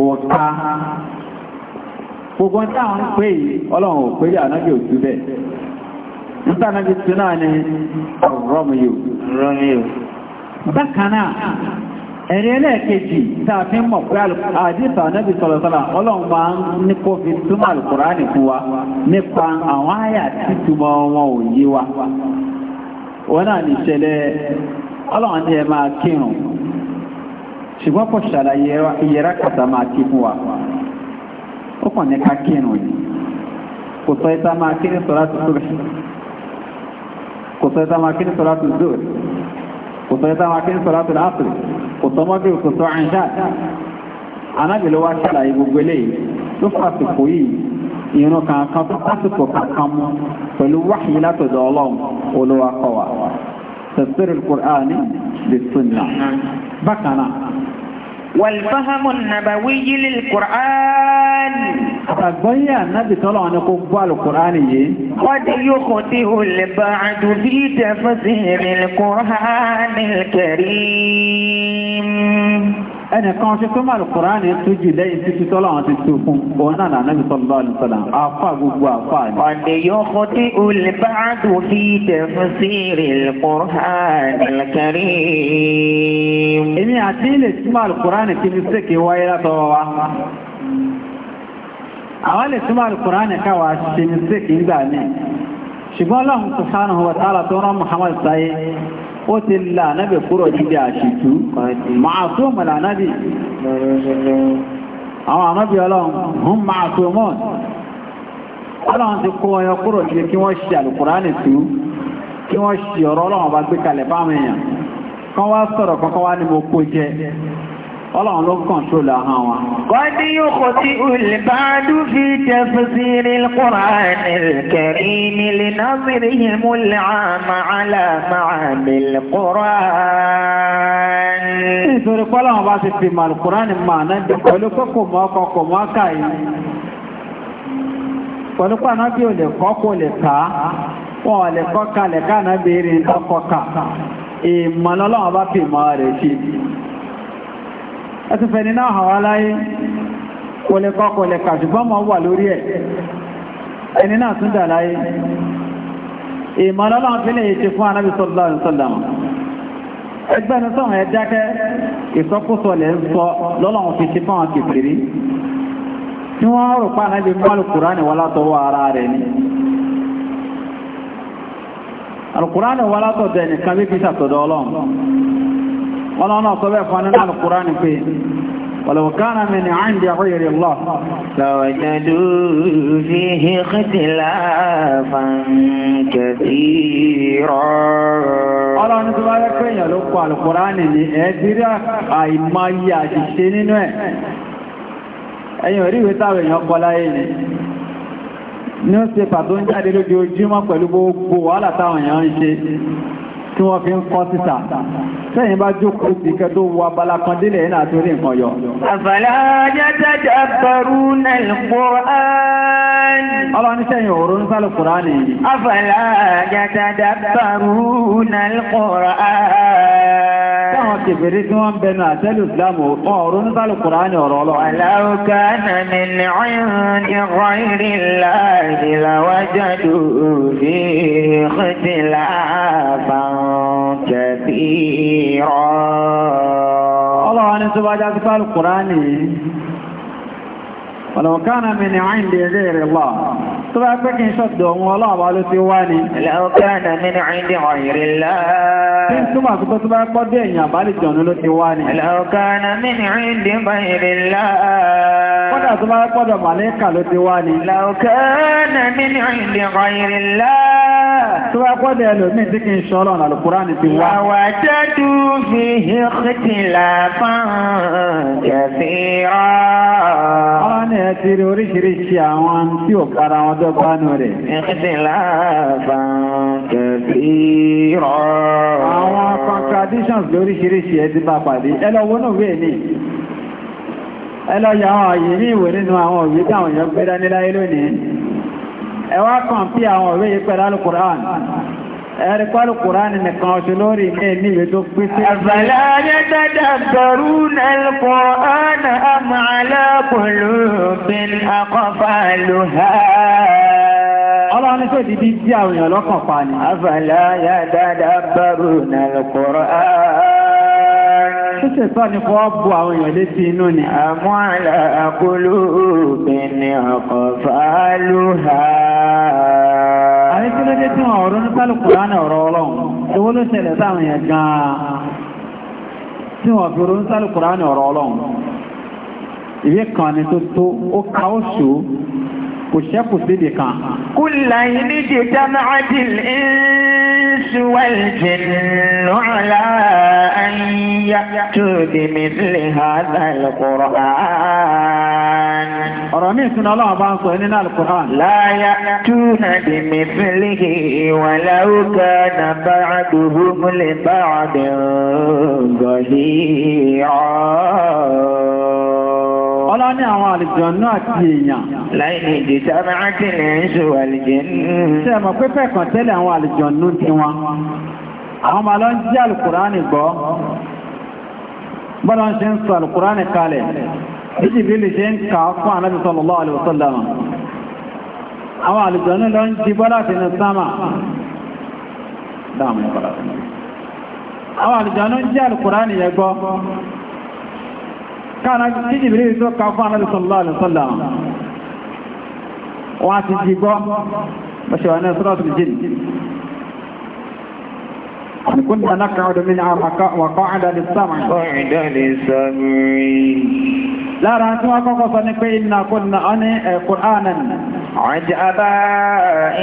ọ̀ta gbogbo táwọn ń pè yìí ọlọ́run ò pé yà náà yóò tú bẹ́ẹ̀ nígbà náà náà ni rọ́mìyò bákan náà ẹ̀rí ẹlẹ́ẹ̀kejì fi mọ̀ pé àdìsà nẹ́bì sọ̀rọ̀sọ̀rọ̀ ọlọ́run ń ní ṣùgbọ́n kò ṣàlàyé ìyẹra kàtà máa kí fún wa ó kàn ní ká kírun yìí kò sọ ìta máa kí ní sọ́lá tó tó rẹ̀ kò sọ ìta máa kí ní sọ́lá tó tó rẹ̀ kò sọ ìta máa kí ní sọ́lá tó láàpù kò sọ mọ́bí kò sọ àìṣà anábìlẹ̀ wa ṣàlàyé gbogbo eléyìí ló fàṣìkò yìí ìrún kankan tó fàṣìkò kankan mú pẹ̀lú wáhìí látọ̀dọ̀ ọlọ́run olówó akọwà tafsir al والفهم النبوي للقرآن àgbọ́yé ànábì صلى الله عليه وسلم gbọ́ alùkùránì قد يخطئ البعض في تفسير القرآن الكريم. ẹnìkan ṣe tó mọ̀lù kùránì tó jì lẹ́yìn títí tọ́lá àwọn ti tó fún òun náà náà nàbì sọ́lọ́ àlùsọ́lá afá gbogbo afá ni. ọ̀dẹ̀ yóò kọ́ tí olùbáàdù fi tẹ̀fún sí ìrìlkùránì kẹrí. èmi àti ilé tí mọ̀lù kùránì ti fi sékè wáyé látọwọ́ wa. àwọn ilé tí mọ̀lù kùránì káwa ṣe ní sékè ń gbà ní. ṣùgbọ́n Ọlọ́hun ó ti là náàbì kúrò níbi àṣìtú máa tó mọ̀lá náàbì àwọn ànábì ọlọ́run hún máa tó mọ́ ọlọ́run ti kó ọyọ kúrò níbi kí wọ́n ṣe àlùkùránì tú kí wọ́n ṣe ọ̀rọ̀ ọlọ́run bá gbé kalẹ̀ fáwọn èèyàn kan wá sọ̀rọ̀ kankan wá ní mo kó jẹ ọlọ́run ló kọ̀ntrol ahọ́n wọn. Kọ́dí yóò kò tí olùbádú fi tafsiri al-Qur'an al-Karim li nazrihim al-'ama 'ala ma'ani al-Qur'an. Nítorí pọ́lọ́run bá ti fi màlùkùrán ni màá náà jẹ pẹ̀lú kókò mọ́ kókò mọ́ káyìí. Pẹ̀lú pàná bí olè kọ́kò lè ká, wọn ò lè kọ́ka ẹtùfẹ́ ní náà hàn wá láyé kọlẹ̀kọ́ kọlẹ̀kà ṣùgbọ́n mọ̀ wà lórí ẹ̀ ẹni náà tún dà láyé ìmọ̀lọ́lọ́ fílẹ̀ ètè fún anábì sallallahu alaihi wasallam ẹgbẹ́ni sọ̀rọ̀ ẹ dákẹ́ ìsọkúsọ lẹ̀ ń sọ lọ́lọ́run fi ti fáwọn kìfìrí tí wọ́n ni alùkùránì wọlá tọ̀ dẹ̀ nìkan bí kìí ọlọ́nà sọ bẹ́ fún nínú alkùránì pé ولو كان من عند غير الله لوجدوا فيه اختلافا كثيرا ọlọ́run tó bá rẹ́pẹ́ èèyàn ló kọ alkùránì ní ẹ̀ẹ́dìrí àìmáyà àṣìṣe nínú ẹ̀ ẹ̀yìn orí ìwé táwọn èèyàn ó ṣe pàtó ń jáde lójoojúmọ́ pẹ̀lú gbogbo wàhálà táwọn èèyàn ń ṣe tí wọ́n fi ń kọ́ títà sẹ́yìn bá jókòó sí kẹ́dó wa balakan délẹ̀ iná torí nǹkan yọ. àfàlà yàtàjà bẹ̀rù al-Qur'an. ọlọ́ni sẹ́yìn òru ń sálù Qur'an yìí. àfàlà yàtàjà bẹ̀rù al-Qur'an. táwọn kèfèrè tí wọ́n ń bẹnu àtẹ́lù ìsìlámù wọn òru ń sálù Qur'an ọ̀rọ̀ ọlọ́. aláwùká nàmi ní ọ̀yàn كثيرا الله أنا سبحانه وتعالى القرآن ولو كان من عند غير الله طبعا بكين شدهم والله بالو سيواني لو كان من عند غير الله ثم كنت تبع قدين يا بالي جون سيواني لو كان من عند غير الله قد تبع قد ملك لو سيواني لو كان من عند غير الله تبع قد لو من ذيك شلون القران في ووجدت فيه اختلافا كثيرا yẹn ti rí oríṣiríṣi àwọn tí ò kára wọn tó gbánú rẹ̀. ìṣẹ́láàbà kẹfì rọ̀. lóríṣiríṣi ẹ ti bá pàdé ẹlọ́wọ́ náà wé ní ẹlọ́yà àwọn àyè ní ìwé nínú àwọn òwe táwọn èèyàn gbé dání láyé lónìí ẹ wá pí àwọn òwe yìí pẹ̀lú al ẹ̀rí pẹ́lú kùránì nìkan ọ̀ṣù lórí ní ẹ̀mí ìwé tó pín sí. àbàlá ayẹ́dẹ́dẹ́ bẹ̀rù al-Qur'ana am ala qulubin aqfaluha ṣẹ̀tọ́ ní fọ́ bu àwọn èèyàn létí inú ni. àmọ́ àkóló obìnrin ọkọ̀ fàálù ha. àyè kí ló dé tí wọn ọ̀rọ̀ ní kálukú ránà ọ̀rọ̀ ọlọ́run owó ló ṣẹlẹ̀ sáwọn èèyàn gan-an tí wọn fi ọ̀rọ̀ ní kálukú ránà ọ̀rọ̀ ọlọ́run ìwé kan ni tó tó ó ka ó ṣòó kò ṣẹ́kù síbi kan. kúlà ilé di jama'ati al-insu wal-jinnu ala an ya'tu bi mithli hadha al-Qur'an. ọ̀rọ̀ mi ìsúná ọlọ́run bá ń sọ nínú al-Qur'an. la ya'tuna bi mithlihi walaw kana ba'duhum li ba'din zahira ọlá ní àwọn àlùjọ̀nnú àti èèyàn. Láì ní ìdí sára ákì ní ṣe wà lìjẹ́ nínú. Ṣé mọ̀ pé fẹ́ kàn tẹ́lẹ̀ àwọn àlùjọ̀nnú ti wọn? Àwọn máa lọ ń jí àlùkùránì gbọ́. Bọ́lá ń ṣe ń sọ àlùkùránì kalẹ̀. Ìjì bí lè ṣe ń kà á fún Àwọn àlùjọ̀nnú ń jí bọ́lá ti kára tí jìbìrí tó ká fún ànábì sallallahu alaihi wasallam wọ́n ti jí gbọ́ bọ́ṣẹ̀wà náà suratul jinn كنا نقعد منها وقعد للسمع قعد للسمع لا رأسوا قصة نقينا كنا أني قرآنا عجبا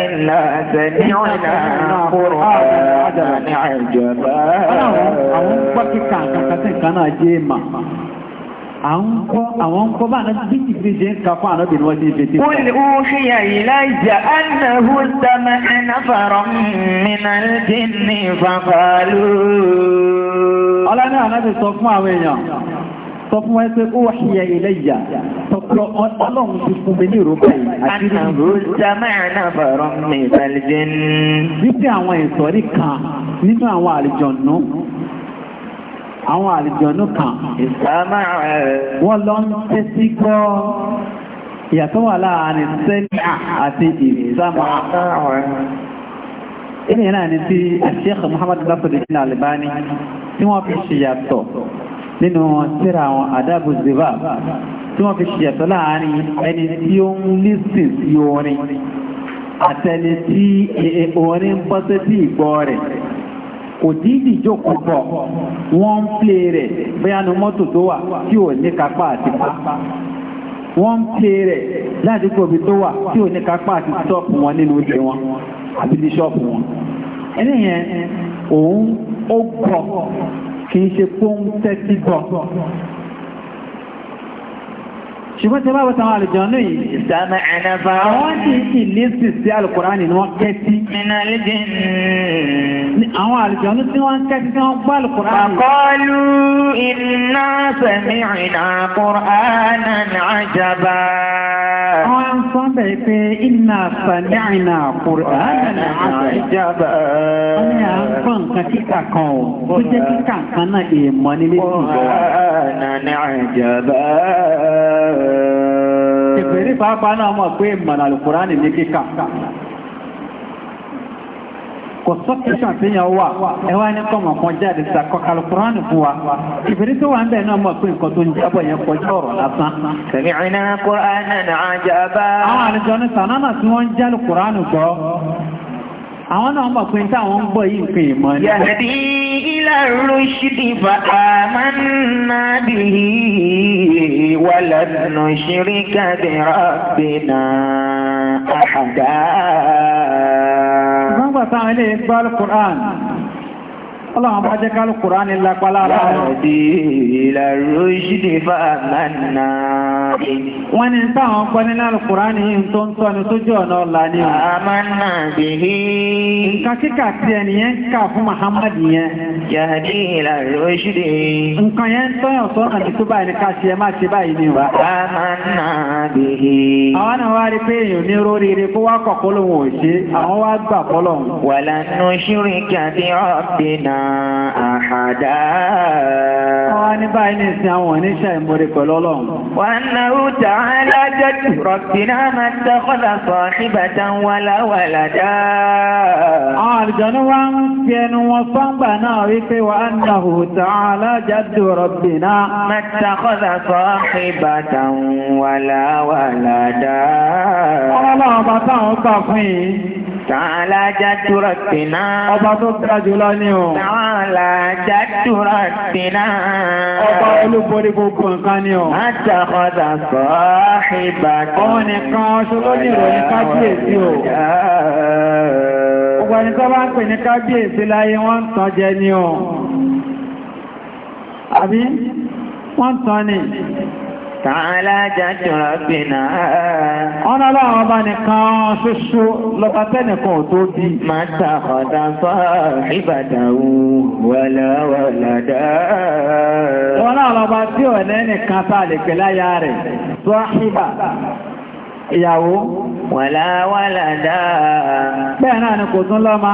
إلا سمعنا قرآنا عجبا عجبا أنا أقول لك كان كان كان جيما àwọn kọ́ bá náà bíjì bí jẹ́ ń ka fún àná bìnú ọdún ìfẹ́ tí ó lè ó ṣe àyílá ìjà annahu sama ẹnafàrọ̀ mìíràn dín ní ìfàfàlú ọlọ́ni àná ti sọ fún àwọn èèyàn sọ fún wọn pé ó ṣe àyílá ìjà tọ́pọ̀ ọlọ́run ti fún mi ní ìrọ̀bà yìí àti annahu sama ẹnafàrọ̀ mìíràn dín àwọn àlìjọ̀nú kan wọ́n lọ ń tẹ́sí gbọ́ ìyàtọ̀ wà láàrin sẹ́mìà àti ìsámà ilé náà ni tí Sheikh Muhammad Nasiruddin Albani tí wọ́n fi ṣìyàtọ̀ nínú tírà àwọn Adabu Zibab tí wọ́n fi ṣìyàtọ̀ láàrin ẹni tí ó ń lísìn sí orin àtẹni kò dídì jókòó bọ̀ wọ́n ń plé rẹ̀ bóyá nu mọ́tò tó wà tí ò ní kápá àti pápá wọ́n ń plé rẹ̀ ládùúgbò ibi tó wà tí ò ní kápá àti ṣọ́ọ̀pù wọn nínú ilé wọn àbí ní ṣọ́ọ̀pù wọn. ẹni yẹn òun ó gbọ́ kì í ṣùgbọ́n tí a bá bá tàwọn àlùjànnú yìí. ìsàmì ànàfà. àwọn tí kì í lésì sí alukùránì ni wọ́n kẹ́tí. minalidi. àwọn àlùjànnú tí wọ́n kẹ́tí tí wọ́n gbọ́ alukùránì. àkọlù wọ́n ń ń bẹ̀ pé iná sàlẹ́àìnà Kùránì àjàbà. wọ́n ní à ń gbọ́ nǹkan kíkà kan o tó jẹ́ kíkà pàápàá náà mọ̀ pé ìmọ̀nà Kùránì ní kíkà kò sọ́kẹ́sàn tí yàn wà ẹwà ní kọ́mọ̀ kan jáde sàkọ́ alukuraani fún wa ìbírí tó wà ń bẹ̀ náà mọ̀ pé nǹkan tó ń jábọ̀ yẹn kọjá ọ̀rọ̀ lásán. sami'na qur'anan ajaba. àwọn àlejò ní sànánà tí wọ́n ń jẹ́ alukuraani gbọ́ àwọn náà mọ̀ pé táwọn ń bọ̀ yìí pé ìmọ̀ ní. yàtí ilà rúṣìdì bàtà máa ń ná bí i wà lẹ́nu ṣírí kàdé rọ́bìnà àdá nígbàtà ilé ìgbàlù Ọlọ́run bá jẹ́ kálù Kùránì lápálá ara wọn. Wọ́n ní táwọn kọ́ nínú Alùkùránì yìí tó ń tọ́ni sójú ọ̀nà ọ̀la ni ọ̀. Àmàna bìí. Nǹkan kíkà tí Muhammad yẹn. Yàdí ìlàrú ṣídì. Nǹkan yẹn ń tọ́yàn sọ́nà ní tó báyìí ní ká ṣe má ṣe báyìí ni wà. Àmàna bìí. Àwọn náà wá rí pé èèyàn ní róríire kó wá kọ̀kọ́ lòun ò ṣe, àwọn wá gbà fọ́lọ̀. Wàlànà ṣírí kàdí ọ̀bìnà àhàdá. Wọ́n ní báyìí ní ìsìn àwọn oníṣẹ́ ìmúrí pẹ̀lú ọlọ́run. Wọ́n na ó tà á lájọ́ jù rọ̀bìnà máa tẹ́kọ̀dà sọ níbàtà wàláwàlá dá. Àwọn àlùjọ́nú wá ń fi ẹnu wọn fọ́ngbà náà wípé wọ́n na ó tà á lájọ́ rọ̀bìnà. Máa tẹ́kọ̀dà sọ níbàtà wàláwàlá dá. Ọlọ́run bàtà àwọn gbà fún yìí. Tààlà jàdúrà tìná. Ọba tó ga jùlọ ni o. Tààlà jàdúrà tìná. Ọba olúborí gbogbo nǹkan ni o. Àtàkọ́dà sọ ìbà. Òun nìkan ṣoló ní ìròyìn kábíyèsí o. Ọgbà ní tó bá ń pè ní kábíyèsí láyé wọ́n ń tàn jẹ ni o. Àbí wọ́n ń tàn ni. Tààlá jájọ rọ̀bìnà. Ọ̀nà láwọn ọba nìkan ṣoṣo lọ́pàá tẹ́nìkan ò tó bí. Máa ta ọ̀dà fọ́ ìbàdàn wọ̀lọ́wọ̀lọ́dá. Wọ́n náà lọ́pàá tí ò lẹ́nìkan tá lè pè rẹ̀. Sọ́hìbà ìyàwó wàlá wàlá dáa bẹ́ẹ̀ náà ni kò tún lọ́mọ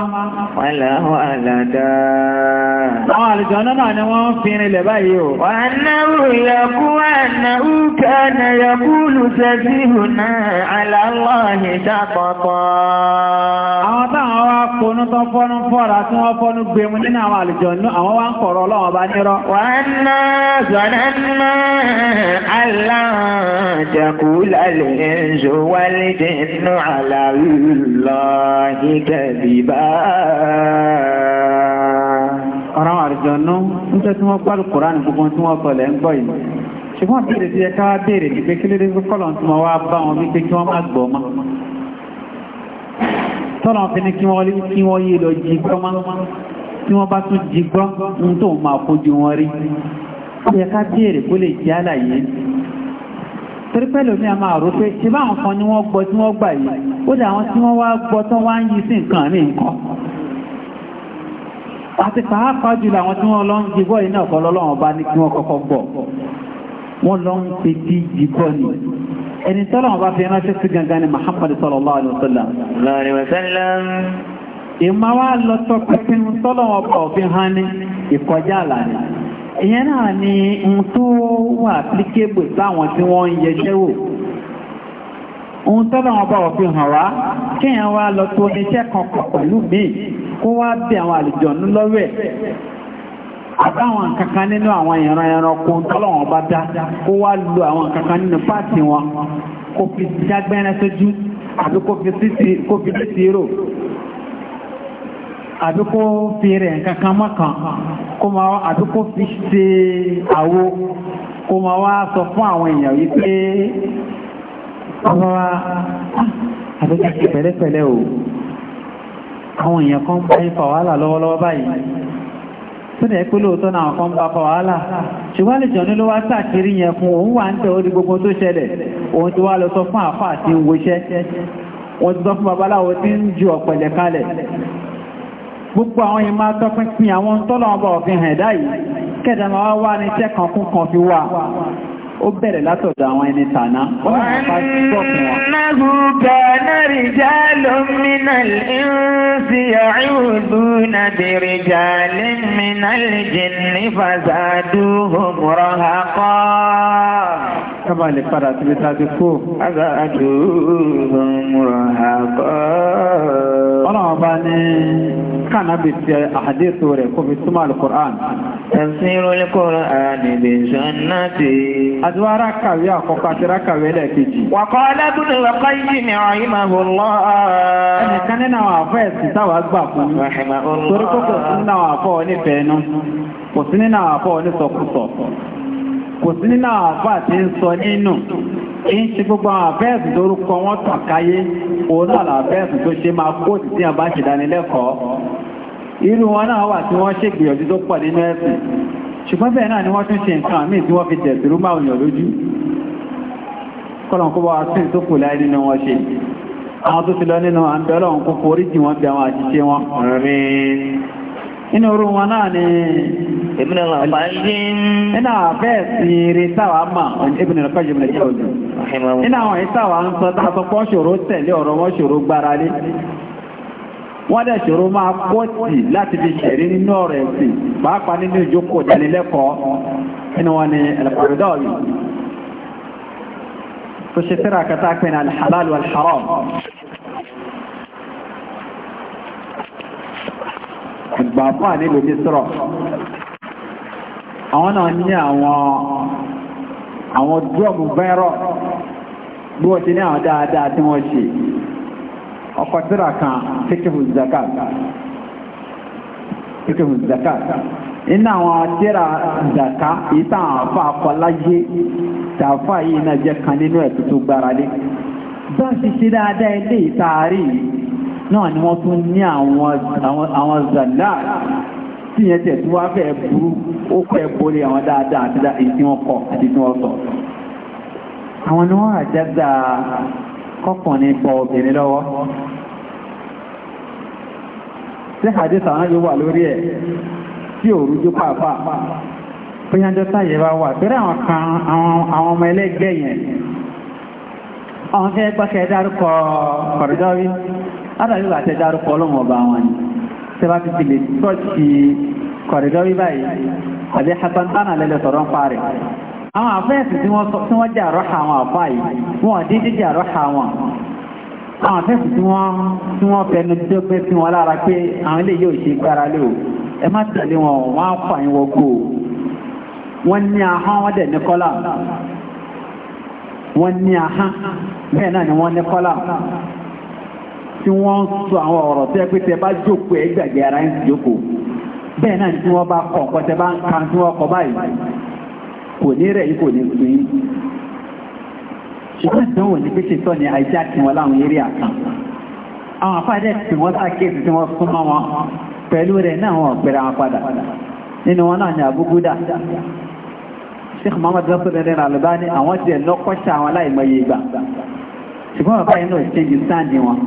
wàlá wàlá dáa àwọn àlùjọ náà ni wọ́n fi rinlẹ̀ báyìí o wànáwó yàkú wànáwó kẹ́nà yàkú lùsẹ̀síhù náà aláwọ̀hì dápapọ̀ àwọn táwọn wá ponú tán fọ́nú fọ́ra àwọn àlùjọ wá ń والجن على الله كذبا ọ̀ràn àrìjọ̀nú ń tẹ́ tí wọ́n gbá Kùránì gbogbo tí wọ́n sọlẹ̀ ń gbọ́ yìí ṣùgbọ́n bèèrè tí ẹ ká bèèrè ní pé kí lórí kọ́lọ̀ tí wọ́n wá bá wọn wípé kí wọ́n má gbọ́ mọ́ tọ́lọ̀ fi ní kí wọ́n yé lọ jí gbọ́ mọ́ tí wọ́n bá tún jí gbọ́ ń tó máa fojú wọn rí ó yẹ ká bèèrè kó lè jẹ́ àlàyé torípẹ́lò ní a máa rò pé ṣe bá nǹkan ni wọ́n gbọ́ tí wọ́n gbà yìí ó dà àwọn tí wọ́n wá gbọ́ tán wá ń yí sí nǹkan ní nǹkan àti pàápàá jùlọ àwọn tí wọ́n lọ ń jíbọ́ iná ọ̀kọ́ lọ́lọ́wọ́n bá ní kí wọ́n kọ́kọ́ gbọ́ wọ́n lọ ń pe tí jíbọ́ ni ẹni tọ́lọ́wọ́n bá fi ránṣẹ́ sí gangan ni Muhammad sallallahu alaihi wasallam ìyẹn náà ni ohun tó wà applicable sáwọn tí wọ́n ń yẹjẹ́ wò ohun tọ́lá wọn bá òfin hàn wá kí èèyàn wá lọ tó oníṣẹ́ kan pọ̀ pẹ̀lú míì kó wá bí àwọn àlùjọ̀nú lọ́wẹ̀ àbáwọn kankan nínú àwọn ìran ẹranko tọ́lá wọn bá dá kó wá lo àwọn kankan nínú páàtì wọn kó fi dágbẹ́rẹ́ sójú àbí kó fi sí tìró àbí kó fi rẹ̀ nǹkankan mọ́kàn kó máa wá àbí kó fi ṣe àwo kó máa wá sọ fún àwọn èèyàn yìí pé ọmọ wa ah, àbí kí ṣe pẹ̀lẹ́pẹ̀lẹ́ o àwọn èèyàn kan bá ń fa wàhálà lọ́wọ́lọ́wọ́ báyìí tó dẹ̀ pé lóòótọ́ náà kan bá fa wàhálà ṣùgbọ́n lè jọ̀ní ló wá sàkiri yẹn fún òun wà ń tẹ̀ ó di gbogbo tó ṣẹlẹ̀ òun ti wá lọ sọ fún àfáà tí ń wọ́n ti sọ fún babaláwo tí ń ju ọ̀pẹ̀lẹ̀ kalẹ̀ gbogbo àwọn yìí máa tọ́pín pín àwọn tọ́lọ̀ọ̀bọ̀ òfin hẹ̀dá yìí kẹ́dà máa wá ní iṣẹ́ kan ó bẹ̀rẹ̀ látọ̀dọ̀ àwọn ẹni tàná wọ́n máa bá gbọ́ fún wọn. ọ̀nàgùn kàná rìjà lómìnà ìrúnsì àìwòdúnà bèrèjà bá ní kànábì ti àhàdíìsì rẹ̀ kó fi túmọ̀ alukur'an. tafsiru alukur'an bi sunnati. àdúrà rákàwé àkọ́kọ́ àti rákàwé lẹ́ẹ̀kejì. wàkọ́lá tún ní wàkọ́ yìí ni ọ̀yìnbá wọlọ́. ẹnìkan nínú àwọn àfọ ẹ̀sìn táwa kò sí nínú àwọn àfà tí ń sọ nínú kí ń ṣe gbogbo àwọn àfẹ́ẹ̀sì lórúkọ wọn tàn káyé òun náà làfẹ́ẹ̀sì tó ṣe máa kó òtítí àbá ṣèdánilẹ́kọ̀ọ́ irú wọn náà wà tí wọ́n ṣègbìyànjú tó pọ̀ nínú ẹ̀sìn ṣùgbọ́n bẹ́ẹ̀ náà ni wọ́n tún ṣe nǹkan míì tí wọ́n fi tẹ̀sìrú máa òyìn lójú kọ́lọ̀kọ́ bá sí tó kù láì nínú wọn ṣe àwọn tó ti lọ nínú àǹdọ́lọ́run forí jì wọ́n bí àwọn àṣìṣe wọn inú orú wọn náà ni Ibn al-Qayyim iná bẹ́ẹ̀ sí rí táwà mà Ibn al-Qayyim lè jẹ́ òjò iná àwọn ìtàwà ń sọ tàbí pọ́ ṣòro tẹ̀lé ọ̀rọ̀ wọn ṣòro gbára lé wọ́n dẹ̀ ṣòro máa pọ́tì láti fi ṣẹ̀rí nínú ọ̀rọ̀ ẹ̀sìn pàápàá nínú ìjókòó ìdánilẹ́kọ̀ọ́ inú wọn ni al ìgbà fún ànílò ní sọ̀rọ̀ àwọn náà ní àwọn àwọn drug vẹ́rọ̀ bí wọ́n ti ní àwọn dáadáa tí wọ́n ṣe ọkọ̀ tíra kan fíkìhù zakat fíkìhù zakat iná àwọn tíra zaka ìta àfa àfọláyé tàfà yìí náà jẹ́ kan nínú ẹ̀ tuntun gbára lé bá ṣiṣẹ́ dáadáa ilé ìtaari yìí náà ni wọ́n tún ní àwọn zàlá tí yẹn tẹ̀ tí wọ́n fẹ́ burú ó kọ́ ẹ̀ borí àwọn dáadáa àti èyí tí wọ́n kọ́ àti tí wọ́n sọ. àwọn ni wọ́n àjẹ́gbà kọkùnrin bọ obìnrin lọ́wọ́ tí àdísà náà yóò wà lórí ẹ̀ tí ò rújú pàápàá fúnyájọ́ táyé bá wà pẹ̀lú àwọn kan àwọn ọmọ ẹlẹ́gbẹ́ yẹn àwọn fẹ́ pẹ́kẹ́ dárúkọ kọ̀rọ̀dọ́rí látàrí ìgbà tẹ́ dárúkọ ọlọ́run ọba wọn ni tẹ́ bá ti ti lè tọ́ọ̀tì kọ̀rìdọ́rí báyìí àbí hasantana lẹ́lẹ̀ sọ̀rọ̀ ń parẹ̀ àwọn àfẹ́ẹ̀sì tí wọ́n jẹ́ àrọ́hà àwọn àfá yìí wọ́n dídí jẹ́ àrọ́hà wọn àwọn àfẹ́ẹ̀sì tí wọ́n fẹnu tó pé sí wọn lára pé àwọn ilé yóò ṣe gbára lé o ẹ má tẹ̀lé wọn wọ́n á fà yín wọgbó wọ́n ní ahọ́n wọ́n dẹ̀ ní kọ́lá wọ́n ní ahọ́n bẹ́ẹ̀ náà ni wọ́n ní kọ́lá tí wọ́n ń sọ àwọn ọ̀rọ̀ tẹ́ pé tẹ́ bá jókòó ẹ gbàgbé ara ń jókòó bẹ́ẹ̀ náà tí wọ́n bá kọ̀ ọ̀pọ̀ tẹ́ bá ń ka tí wọ́n kọ báyìí kò ní rẹ̀ yìí kò ní sùn yìí ṣùgbọ́n tí wọ́n ní pé ṣe sọ ni àìjá tí wọ́n láwọn eré àkàn àwọn afáàdẹ́ tí wọ́n sàkéèsì tí wọ́n súnmọ́ wọn pẹ̀lú rẹ̀ náà wọ́n pẹ̀rẹ̀ àwọn padà nínú wọn náà ni àbúgbúdà Sheikh Muhammad Nasiruddin Albani àwọn tiẹ̀ lọ́kọ́ṣà àwọn aláìmọye ìgbà ṣùgbọ́n bàbá yìí náà ṣe ń di sáàdì wọn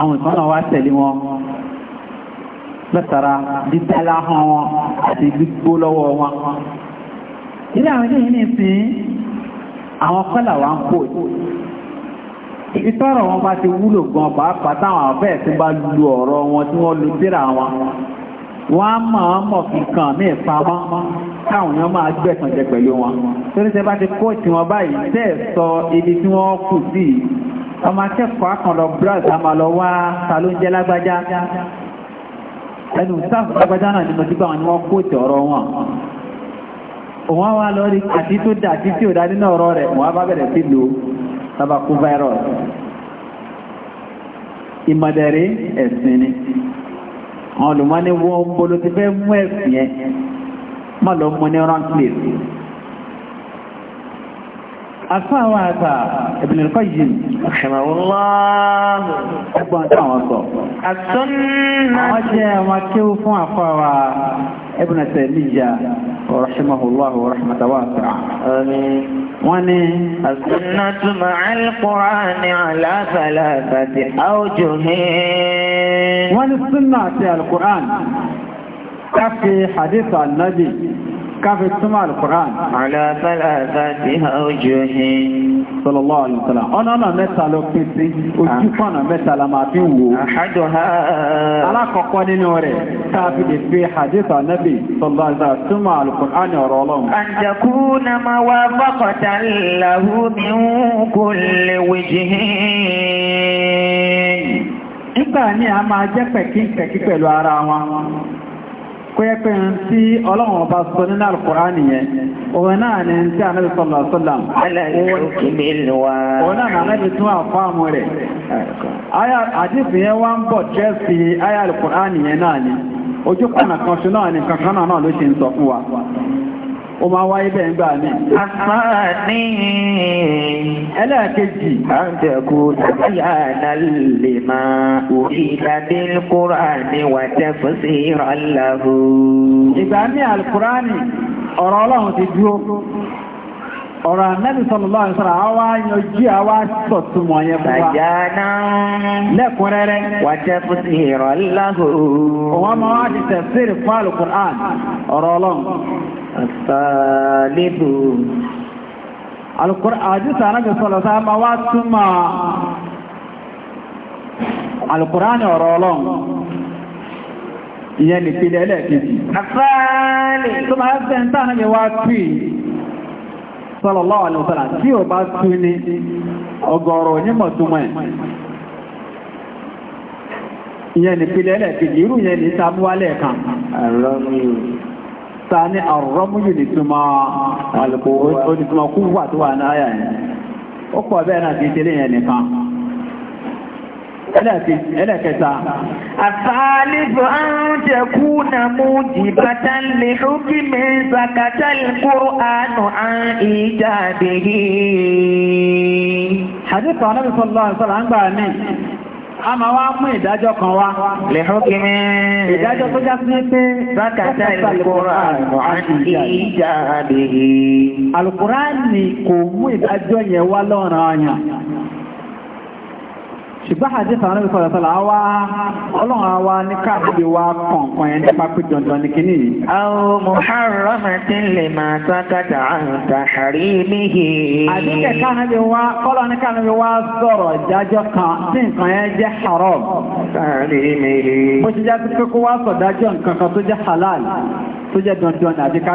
àwọn ìkan náà wá tẹ̀lé wọn lọ́tara dítẹ́lá hàn wọn àti gbígbó lọ́wọ́ wọn ilé àwọn ilé yìí nìsín àwọn kọ́là wá ń kó ibi tọ́rọ̀ wọn bá ti wúlò gan pàápàá táwọn àfẹ́ tí bá lu ọ̀rọ̀ wọn tí wọ́n lu síra wọn wọ́n á mọ̀ ọ́n mọ̀ fi kàn mí pamọ́ káwọn èèyàn máa gbẹ̀sán jẹ pẹ̀lú wọn torí tẹ bá ti kó tí báyìí tẹ́ sọ ibi tí wọ́n kù sí ọmọ akẹ́kọ̀ọ́ akànlọ bras àmàlọ wá ta ló ń jẹ́ lágbájá ẹnu sáàfù lágbájá náà ni mo ti gbà wọn ni wọ́n kó ìtọ̀rọ̀ wọn òun wá lọ rí àti tó dà àti tí ò dá nínú ọ̀rọ̀ rẹ̀ wọ́n bá bẹ̀rẹ̀ sí lò sábà kú virus ìmọ̀dẹ̀rí ẹ̀sìn ni àwọn olùmọ́ ni wọ́n bolo ti fẹ́ mú ẹ̀sìn yẹn má lọ mú ní wrong place afáwọn àtà Ibn al-Qayyim rahimahullah ọgbọ́n táwọn sọ àtúnnà wọ́n jẹ́ wọn kí ó fún afáwà Ibn Taymiyyah rahimahullah rahmatawà sọ́rọ̀ wọ́n ni àtúnnà tó máa ń Al-Qur'ani ala thalathati كافي سمع القرآن على ثلاثة أوجه صلى الله عليه وسلم أنا أنا متى لو كنتي وشوف أنا متى لما تنو أحدها على قواني نوري كافي في حديث النبي صلى الله عليه وسلم سمع القرآن ورولهم أن تكون موافقة له من كل وجه nígbà ní a máa jẹ́ pẹ̀kí pẹ̀kí pẹ̀lú ara wọn pẹ́ẹ́pẹ́ ń tí ọlọ́run ọba sọ nínú alukùrán nìyẹn òun náà ni tí anabi sọlọ sọlọ òun náà ni anabi tún àfọ́àmù rẹ̀ àdìsí yẹn wá ń bọ̀ jẹ́sì ayé alukùrán nìyẹn náà ó máa wáyé bẹ́ẹ̀ ń gbà ní. Àmàní. Ẹlẹ́ẹ̀kejì. À ń tẹ̀kù tàbíyà lálẹ́ máa orí ìdádé Kúránì wà tẹ́fù sí ìrànláhù. Ìgbà ní Alkùránì, ọ̀rọ̀ Ọlọ́run ti dúró. Ọ̀rọ̀ Ànábì sallallahu alaihi wasallam yanjú àwa sọ̀túnmọ̀ yẹn fún wa. Bàjánà. Lẹ́kùnrẹ́rẹ́. Wà jẹ́ fún sí ìrànláhù. Òun ọmọ wa ti tẹ̀sírì fún Alkùránì, ọ̀rọ̀ Ọlọ́run àtàlébò alukura àdìsá anábì sọ̀rọ̀ sáà máa wá túmọ̀ alukura ni ọ̀rọ̀ ọlọ́run ìyẹn nìpínlẹ̀ ẹlẹ́ẹ̀kejì àtàlé tó máa ń sẹ́ńtà náà wá tùì sallallahu alaihi wasallam tí ó bá tún ní ọgọ́rọ̀ onímọ̀ túnmọ̀ ẹ̀ ìyẹn nìpínlẹ̀ ẹlẹ́ẹ̀kejì irú ìyẹn ní ta ní àrọ́múyù nìtúmọ̀ àlùkò onìtúmọ̀ kú wà tó wà náà yà yẹn ó pọ̀ bẹ́ẹ̀ náà kìí tẹ́lẹ̀ yẹn nìkan ẹlẹ́kẹta àfàálìfò àrùn tẹ̀kú na mú jìbátá lè ṣúkí mi sàkàtà ìkúrò àánú àrùn ìjáde yìí. hadith ọ̀nà bí àgbà mi a máa wá mú kan wá. lè hókè mi. ìdájọ́ tó já sí pé. bákàtà Al-Qur'an àti ni kò mú ìdájọ́ yẹn wá lọ́rọ̀ ọ̀yàn. ṣùgbọ́n àti sàánú bí sọ̀rọ̀ sọ̀rọ̀ àwa ọlọ́run àwa ní káàkiri wa kọ̀ọ̀kan yẹn nípa pé dandan ní kíní yìí. àwọn muharramatin lè máa sákàtà àǹtà àrí níhì. àdúgbò kánàbí wa kọ́lọ́ ní kánàbí wa sọ̀rọ̀ dájọ́ kan tí nǹkan yẹn jẹ́ haram. sáré mèrè. bó ṣe jẹ́ pé kó wá sọ̀dájọ́ nǹkan kan tó jẹ́ halal tó jẹ́ dandan àbí ká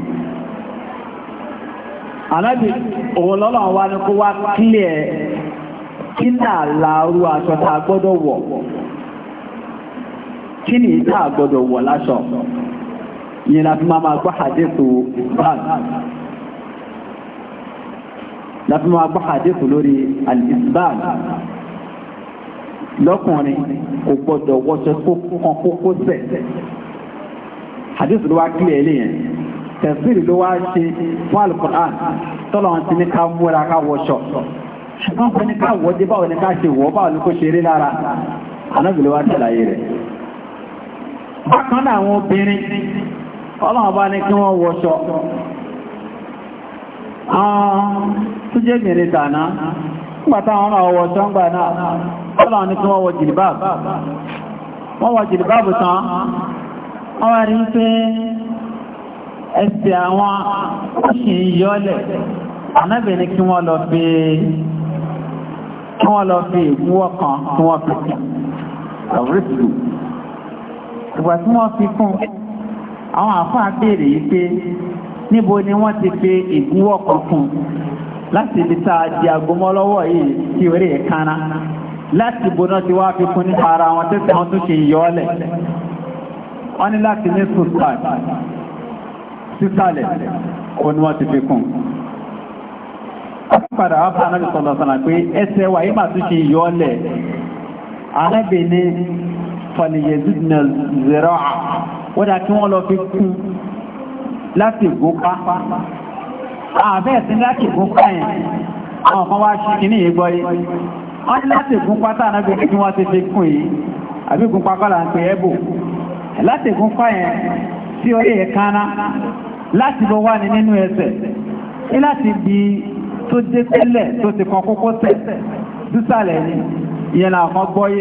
ànábì òun wa ni kó wá kílẹ̀ kí náà láàrú aṣọ tá a gbọ́dọ̀ wọ̀ kí ni tá a gbọ́dọ̀ wọ̀ láṣọ yẹn la fi máa máa gbọ́ àdéhùn báàgì la fi máa gbọ́ àdéhùn lórí alìsíbáàgì lọ́kùnrin kò gbọ́dọ̀ wọṣọ kókó kan sẹ̀ àdéhùn ló wá kílẹ̀ eléyẹn. tẹ̀síìrì ló wá ṣe fún alukur'an tọ́lọ̀ ti ní ká múra ká wọṣọ ṣùgbọ́n fún ní ká wọ́dé báwo ni ká ṣe wọ́ báwo ni kò ṣe rí lára anábìlú wá rẹ̀ wọ́n tán wọ́n pé ẹsẹ̀ àwọn ṣì ń yọ́lẹ̀ ànábì ní kí wọ́n lọ fi kí wọ́n lọ fi ìwọ́ kan tí wọ́n fi kí ìgbà tí wọ́n fi kún àwọn àfáà béèrè yìí pé níbo ni wọ́n ti fi ìgúnwọ́ kan kún láti ibi tá a di agomọ́ lọ́wọ́ yìí tí orí ẹ̀ kánná láti bóná ti wá fi kún nípa ara wọn tẹ́sí tún ṣe ìyọ́lẹ̀ wọ́n ní láti ní sùn sísàlẹ̀ ó ní wọ́n ti fi kún padà wá bá anábì sọ̀rọ̀ sọ̀rọ̀ pé ẹsẹ̀ wà yí màtún ṣe yọ ọ́lẹ̀ anábì ní fọlìyẹ̀dìdìnà zẹ̀rọ̀ ó dá kí wọ́n lọ fi kún láti ìgúnpá àbẹ́ ẹ̀sìn láti ìgúnpá yẹn àwọn kan wá ṣe kìíní ìgbọ́ yìí wọ́n ní láti ìgúnpá tànábì láti bọ́ wá ní nínú ẹsẹ̀ ní láti bí tó dé tẹ́lẹ̀ tó ti kan kókó tẹ̀ sísàlẹ̀ ní ìyẹn àwọn gbọ́yé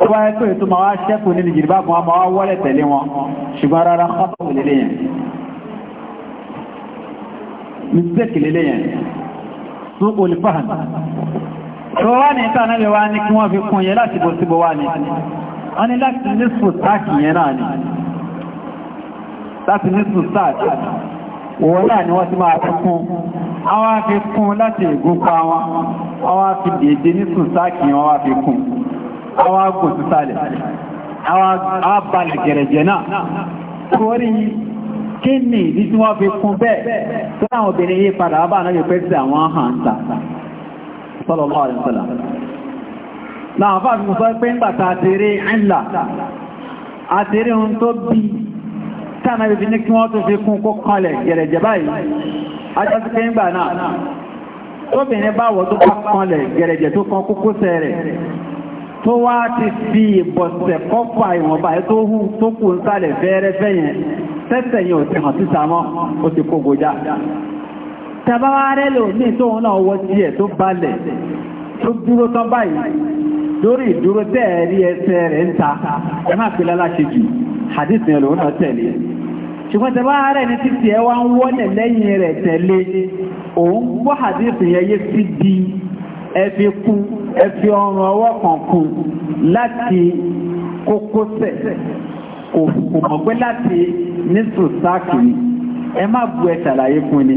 ó bá ẹ́kọ́ ètò ma wá ṣẹ́kù nínú jìrìbá bọ́ ma wá wọ́lẹ̀ tẹ̀lé wọn ṣùgbọ́n rárá wọ́n ni láti ní sùtákì yẹn náà ni láti ní sùsáà òun náà ni wọ́n ti máa kún àwọn afi kún láti ìgúnpá wọn àwọn afi dèdè ní sùsáàkì wọn wá fi kún àwọn agùn sísàlẹ̀ àwọn abalẹ̀ gẹ̀rẹ̀jẹ̀ náà torí kí ni ìdí tí wọ́n fi kún bẹ́ẹ̀ tó àwọn obìnrin yí padà wá mú sọ pé ń gbàtà àtẹ́rẹ́ ńlá àtẹ́rẹ́ ohun tó bíi tánà ibi ní kí wọ́n tó fi kún kó kanlẹ̀ gẹ̀rẹ̀jẹ̀ báyìí ajásíkẹ́ ìgbà náà tóbìnrin bá wọ́ tó bá kanlẹ̀ gẹ̀rẹ̀jẹ̀ tó kan kókósẹ̀ rẹ̀ tó wá ti fi ìbọ̀sẹ̀ kọ́fà ìwọ̀nba tó hù tó kù ń sálẹ̀ fẹ́ẹ́rẹ́fẹ́ yẹn tẹ́sẹ̀ yẹn ò tó dúró tán báyìí lórí ìdúró tẹ́ẹ̀rí ẹsẹ̀ rẹ̀ ń ta ẹ máa pè láláṣẹ jù hadith yẹn lòun náà tẹ̀lé ṣùgbọ́n tẹ bá rẹ̀ ní títí ẹ wá ń wọ́lẹ̀ lẹ́yìn rẹ̀ tẹ̀lé òun gbọ́ hadith yẹn yé sí di ẹfi kún ẹfi ọrùn ọwọ́ kọ̀ọ̀kan láti kókósẹ̀ kò mọ̀ pé láti ní sòsáàkì ẹ má bu ẹ̀ ṣàlàyé fún ni.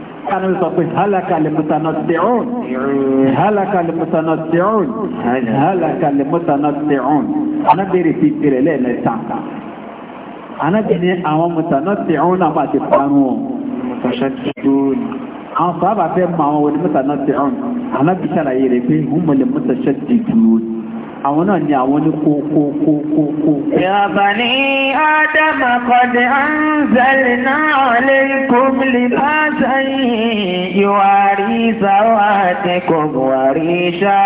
كان يصفي هلك المتنطعون هلك المتنطعون هلك المتنطعون أنا بيري في بيري لسانكا أنا بيري أنا متنطعون أما تفهمون متشددون أنا صعب أفهم ما هو المتنطعون أنا بيشارة يري فيه هم المتشددون àwọn náà ni àwọn ní kókókókókó. Ya bani Adam qad anzalna alaykum libasan yuwari sawatikum wa risha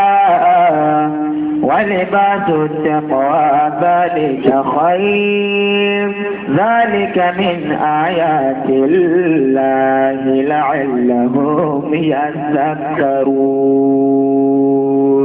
wa libasut taqwa dhalika khayr dhalika min ayati llahi la'allahum yadhakkarun.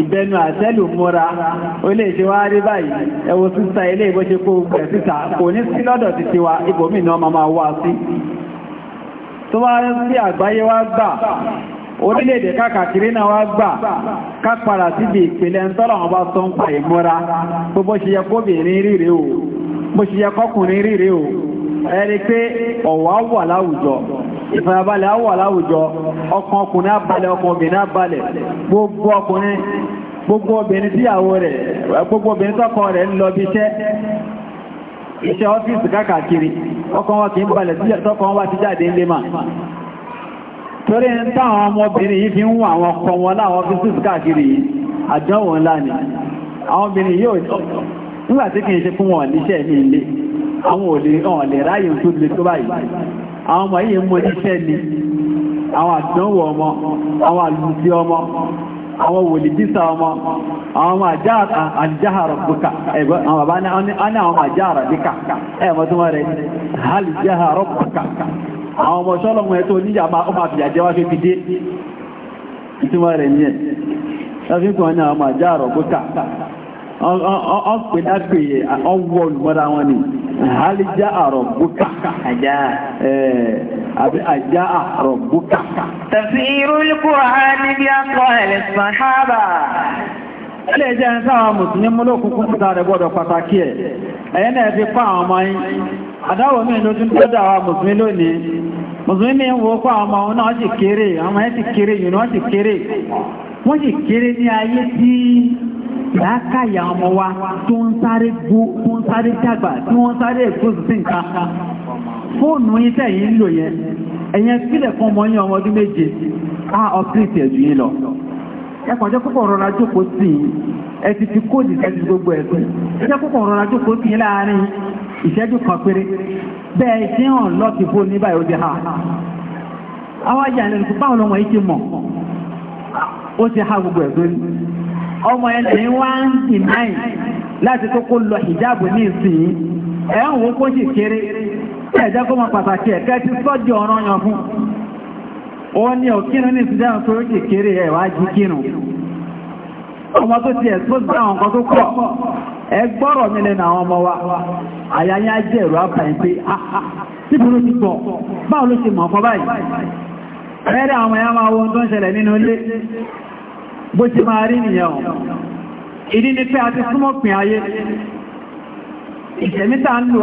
ìbẹnu àtẹ́lù múra ó lè ṣe wá rí báyìí ẹwọ sísá ilé ìbọ́ṣe kó gbẹ̀ síta kò ní sí lọ́dọ̀ ti tiwa ibòmínà máa wá sí tó wá sí àgbáyé wá gbà orílẹ̀-èdè káàkiri náà wá gbà ká síbi ìpìlẹ̀ ń tọ́lọ̀ o bó ṣe yẹ kọkùnrin ríre o ìfàyàbalẹ̀ a wà láwùjọ ọkàn ọkùnrin abalẹ̀ ọkàn obìnrin gbogbo ọkùnrin gbogbo obìnrin tíyàwó rẹ̀ gbogbo obìnrin tọ́kọ rẹ̀ ń lọ bí iṣẹ́ iṣẹ́ ọ́fíìsì káàkiri ọkàn wọn kì balẹ̀ tọ́kọ ti kìí ṣe fún wọn níṣẹ́ ilé àwọn tó tó báyìí àwọn ọmọ yìí mọ́ iṣẹ́ ni àwọn àdánwò ọmọ àwọn àlùsí ọmọ àwọn wòlìdísà ọmọ àwọn ọmọ àjáhàrà bùkà ẹgbẹ́ àwọn bàbá ní àwọn ọmọ àjáhàrà bíkà ẹ̀mọ́ tó wọ́n rẹ̀ àjáhàrà bùkà àwọn ọmọ ṣọ́lọ́mù ẹ̀ tó níjà ọmọ àbìyàjẹ́ wá fi fi dé ìtumọ̀ rẹ̀ ní ẹ̀ ọ̀pẹ̀ dápẹ̀ ọwọ́ olùmọ́ra wọn ni alìjá àrọ̀ búkà àjá arọ àjá àrọ̀ búkà. tafsiru al-Qur'ani bí akọ ẹ̀lẹ̀ sàhábà. ha ẹjẹ́ ń sáwọn mùsùlùmí múlò kúkú kúta rẹ̀ gbọ́dọ̀ pàtàkì ẹ̀ ẹ̀yẹ́ náà fi pa àwọn ọmọ yín àdáwò mi ló tún tó dà wá mùsùlùmí lónìí mùsùlùmí mi ń wo pa àwọn ọmọ wọn náà ti kéré àwọn ẹ̀ ti kéré yìí wọ́n ti kéré ti kéré ní ayé làákàyà ọmọ wa tó ń sáré gbó tó ń sáré dàgbà tí wọ́n sáré èkóso sí nǹkan fóònù yín tẹ̀yìn ń lò yẹn ẹ̀yẹn sílẹ̀ fún ọmọ yín ọmọ méje á ọ̀pìlìtì ẹ̀jù lọ ẹkùn púpọ̀ rọra ti gbogbo púpọ̀ rọra jókòó sí i láàárín ìṣẹ́jú kan péré ọmọ ẹlẹ́yìn wá ń láti tó kó lọ ìjábò ní ìsìn ẹ̀ ó kó sì kéré ẹ̀jẹ̀ kó mọ pàtàkì ẹ̀kẹ́ ti yàn fún ó ní ní ẹ̀wà kínú ọmọ tó ti ẹ̀sùn sí àwọn nǹkan tó kọ̀ ẹgbọ́rọ̀ nílẹ̀ ní àwọn ọmọ wa jẹ́ ẹ̀rọ ah, ah, ah, ti pọ̀ báwo ló mọ̀ fọ́ báyìí bó ṣe máa rí nìyàn ìdí ni pé a ti súnmọ́ pín ayé ìṣẹ̀mítà ń lo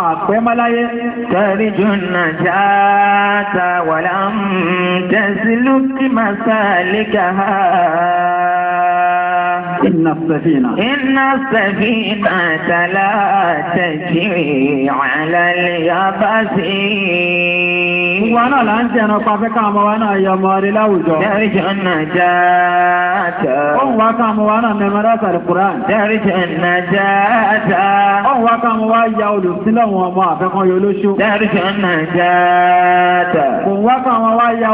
àpẹ́ máláyé tẹ́rí jùnà jáàtà wà láàmùtẹ́sílùkì máa sáàlẹ́gà ha إن السفينة إن السفينة لا تجري على اليابسين Gbogbo náà là ń jẹran pàfẹ́ káàmọ́ wa náà yọ ọmọ rí láwùjọ. Dáríjì ọ̀nà jáàtà. Òun wá káàmọ́ wa náà mẹ́mọ́rá sàrí Kùrán. Dáríjì ọ̀nà jáàtà. Òun wá káàmọ́ wa ya olùsílọ̀wọ̀n ọmọ àfẹ́kan yóò lóṣù. wá káàmọ́ wá kí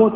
wọ́n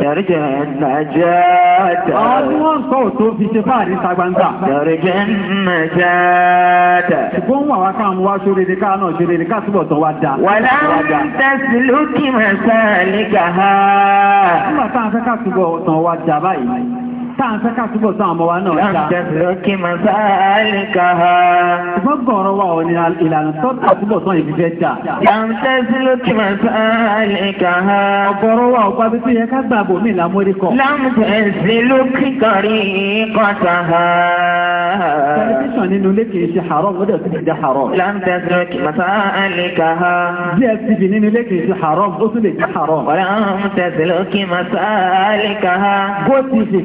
Dẹ̀rẹ̀jẹ̀ nàjẹ́ dà. Àwọn tí wọ́n sọ òtó fi ṣe fáàrí ta gbangba. Dẹ̀rẹ̀jẹ̀ nàjẹ́ dà. Ṣùgbọ́n wà wá káàmù wá ṣó rere káà náà ṣó rere ká túbọ̀ tán wá dá. Wà láwọn tẹ̀sí lókì mẹ́sàn-án ní kàá. Nígbà táwọn fẹ́ ká túbọ̀ tán wá dá báyìí táà ń fẹ́ ká túbọ̀ sọ àmọ́ wa náà dáa. láǹdẹ̀sọ́kì máa bá àlìkà ha. ṣùgbọ́n gbọ̀ọ̀rọ̀ wa ò ní ìlànà tó tà túbọ̀ sọ ìbí fẹ́ jà. láǹdẹ̀sọ́kì máa bá àlìkà ha. ọ̀gọ̀rọ̀ wa ò pàbí tó yẹ ká gbà bò mí lámórí kọ. láǹdẹ̀sọ́kì jẹ́ haram. láǹdẹ̀sọ́kì máa bá àlìkà ha. nínú ilé kìí ṣe haram ó tún lè jẹ́ haram. láǹdẹ̀sọ́kì máa bá àlìkà ha. bó ti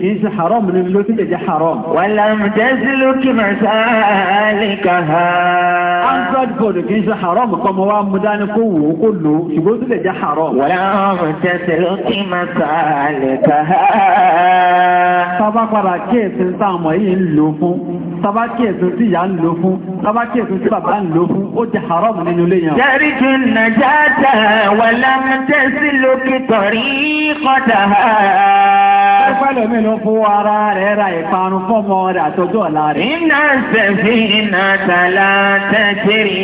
حرام من اللي تلقى حرام ولم تسلك مسالك ها انقد بودك انت حرام قام هو عم دان قوه وكله شو بده تلقى حرام ولم تسلك مسالك ها سبا كيس انسان ما ينلوه سبا كيس تي ينلوه سبا كيس تي بابا ينلوه حرام من اللي ينلوه تارك النجاة ولم تسلك طريقتها فلم نفوه ara rẹ̀ ra ìparun fọ́mọ rẹ̀ àtọ́jú ọ̀la rẹ̀. iná ṣẹ̀fì iná tàlá tẹ́tìrì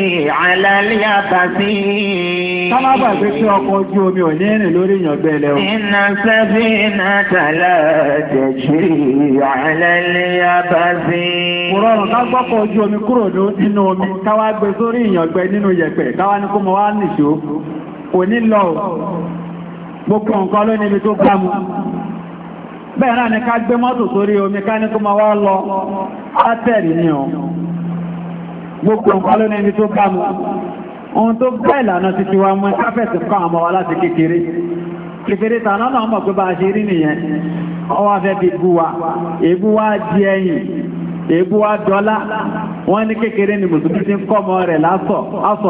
àlàlíyà bàtí. sábàbà pé kí ọkọ̀ ojú omi ò ní rìn lórí ìyàngbẹ́ lẹ o. iná ṣẹ̀fì iná tàlá tẹ́tìrì àlàlíyà bàtí. kò rọrùn ká gbọ́kọ̀ ojú omi kúrò nínú omi káwá gbé sórí ìyàngbẹ́ nínú yẹ̀pẹ̀ káwá ní kó mọ wá nìṣó kò ní lọ gbogbo nǹkan ló níbi tó gbámu. bẹ́ẹ̀rẹ́ ni ká gbé mọ́tò sórí omi ká ní kó ma wá lọ látẹ̀rì ní ọ gbogbo nǹkan ló nẹni tó bá mú ohun tó bẹ́ ìlànà ti ti wá mú káfẹ́sì kọ́ àmọ́ láti kékeré kékeré tàná náà mọ̀ pé bá ṣe rí nìyẹn fi wa di dọ́lá wọ́n ní kékeré ni mùsùlùmí ti ń kọ́ rẹ̀ lásọ̀ asọ̀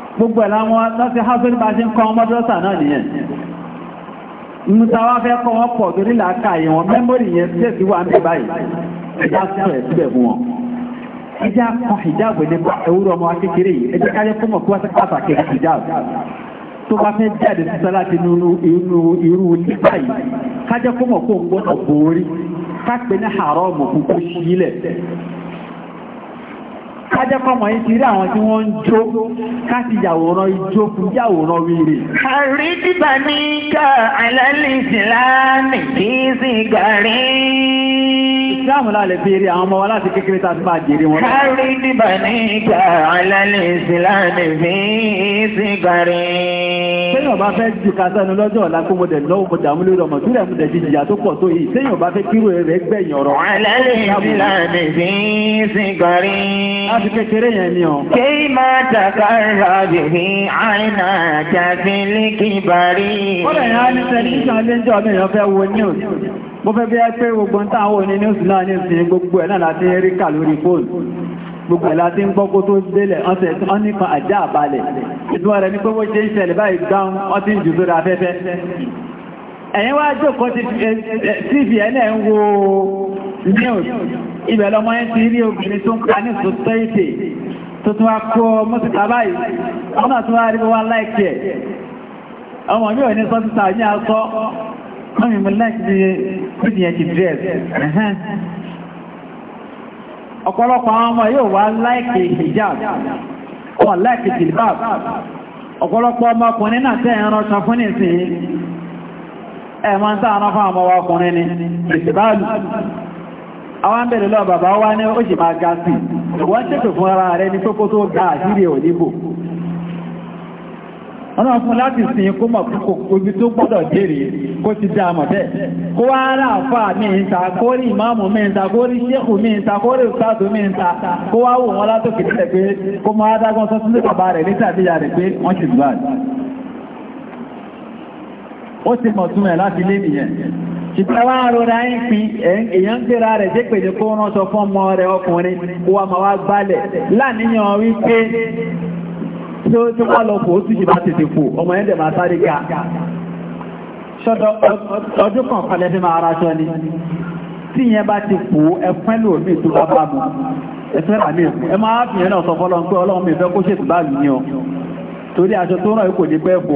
gbogbo ẹ̀lá wọn láti hásílì bá ṣe ń kọ́ mọ́dúrọ́sà náà nìyẹn mùsàwá fẹ́ kọ́ wọn pọ̀ torí làákà yìí wọn mẹ́mórì yẹn tẹ̀sí wà ní báyìí ẹjá sọ̀rọ̀ síbẹ̀ fún wọn ẹjá kan ìjáàbò ní ewúrọ̀ ọmọ akékeré yìí ẹjẹ́ káyẹ́ fún mọ̀ kí wọ́n ti pàtàkì ìjáàbò tó bá fẹ́ jáde sísá láti irú ilé báyìí kájẹ́ fún mọ̀ kó kájẹ́kọ́mọ̀ yìí ti rí àwọn tí wọ́n ń jó káti yàwòrán ijó fún yàwòrán wíire. àrí títà ní ká àlálẹ́ ìsìláàmì kì í sì gàrí. ìsìláàmù lálẹ́ fi rí àwọn ọmọ wa láti kékeré tá a ti bá jèrè wọn. àrí títà ní ká àlálẹ́ ìsìláàmì kì í sì gàrí. sẹ́yìn ọba fẹ́ ju kásánù lọ́jọ́ ọ̀la kó mo dẹ̀ lọ́wọ́ mo dààmú lórí ọmọ túlẹ̀ mo dẹ̀ di jìyà tó pọ̀ tó yìí sẹ́yìn ọba fẹ́ kírò rẹ̀ gbẹ̀yìn ọ̀rọ̀. àlálẹ́ ìsìláàmì kì í sì gàrí àti kékeré yẹn ni ọ. Kéyí máa tàkà rábìrì àìnà àjàfi líkìbàrí. Kọ́lẹ̀ yẹn á ní tẹlifíṣàn léjọ́ mi yàn wo news. Mo fẹ́ bí ẹ pé gbogbo ń táwọn òní news náà ní ìsìn gbogbo ẹ̀ náà láti rí kà lórí fóònù gbogbo ẹ̀lá tí ń gbọ́gbó tó délẹ̀ ọ̀sẹ̀ tí wọ́n nípa àjá àbálẹ̀ ìtumọ̀ rẹ̀ ní pé wọ́n ṣe ń báyìí gbáhùn ọtí ń jù sórí afẹ́fẹ́ ẹ̀yin wá jókòó ti tv ẹ̀ náà news ibẹ̀ yẹn ti rí obìnrin tó ń ká ní society tó tún wá kó báyìí ọ̀nà tó wá rí wá láìkì ọmọ mi ní sọ ọmọ ní ọmọ ọmọ ọmọ láìkì hijab ọmọ láìkì ọmọ ẹ̀mọ́ sáàrán fún àwọn ọkùnrin ni ìsìbáàlù àwọn bẹ̀rẹ̀ lọ bàbá wá ní ó sì máa ga sí wọ́n tẹ́kù fún ara ní kókó tó ga àṣírí òníbò ọ̀nà fún láti sin kó mọ̀ ojú tó gbọ́dọ̀ jèrè kó ti dá mọ̀ bẹ́ẹ̀ kó wá kó rí ìmáàmù kó rí kó rí kó wá wò pé kó mọ́ ó ti mọ̀ túnmẹ̀ láti lé nìyẹn ṣìtẹ́wà rọra ń fi èyàn gbéra rẹ̀ jẹ́ pèlè kó rán sọ fún ọmọ rẹ̀ ọkùnrin wà máa wá gbálẹ̀ láníyàn wípé tí ó tí wọ́n lọ fò ó túnjì bá tètè fò ọmọ ẹ̀dẹ̀ máa sáré ga ṣọ́dọ̀ ọdún kan kan torí aṣọ tó rán ikò ní pẹ́ bò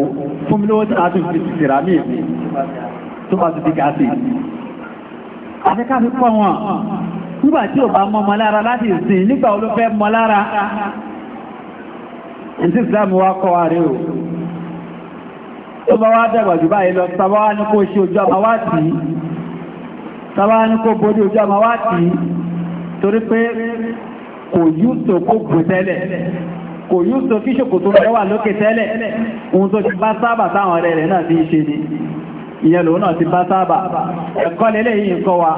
fún a ní tó bá ti gáàsì àṣẹ́ká fi pọ̀ wọn nígbà tí ò bá mọ́ mọ́ láti ìsìn nígbà olófẹ́ mọ́ lára ìsìn ìsìlámù wá kọ́ wa rí o tó bá wá dẹ̀gbà jù báyìí lọ ní kó ṣe ojú wá kò yú sọ kí ṣòkòtò rẹ̀ wà lókè tẹ́lẹ̀ ohun tó ti bá sábà táwọn ọ̀rẹ́ rẹ̀ náà ti ṣe ni ìyẹn náà ti bá sábà ẹ̀kọ́ yìí ń kọ́ wa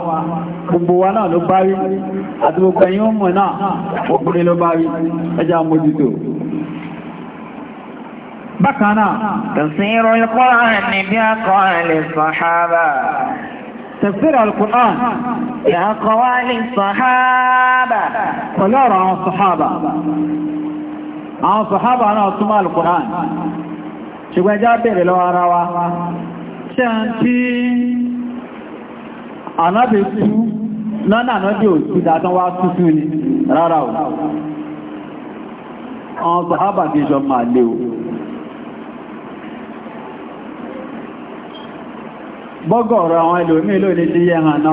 gbogbo wa náà ló bá rí àti gbogbo تفسير القرآن يا قوال الصحابة ولورا الصحابة àwọn sọ̀hábà náà túnmọ̀ alùkùrán ṣùgbọ́n bèèrè lọ ara wa ṣe ń tí ànábì tú lọ́nà ànábì òtú dátán wá tútù ní rárá o àwọn sọ̀hábà kìí ṣọ máa lè o bọ́gọ̀ọ̀rọ̀ àwọn ẹlòmí na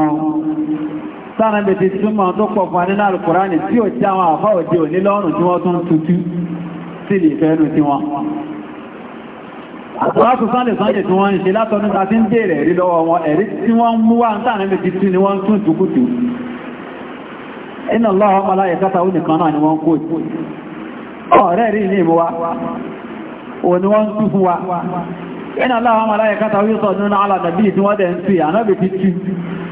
sára bẹ̀ ti túnmọ̀ tó pọ̀ fún àdínà alùkùránì tí ó já wọn àfá òjò ní lọ́rùn tí wọ́n tún tutù sí lè fẹ́nu tí wọ́n àtọ́wàtò sáàlẹ̀ sáàlẹ̀ tí wọ́n ń ṣe látọ́nú ń bèèrè lọ́wọ́ wọn ẹ̀rí tí wọ́n mú wá ń sáàrẹ́ tún ni wọ́n ní wọ́n tún fún iná lọ́wọ́ ọmọláyẹ̀ wọ́n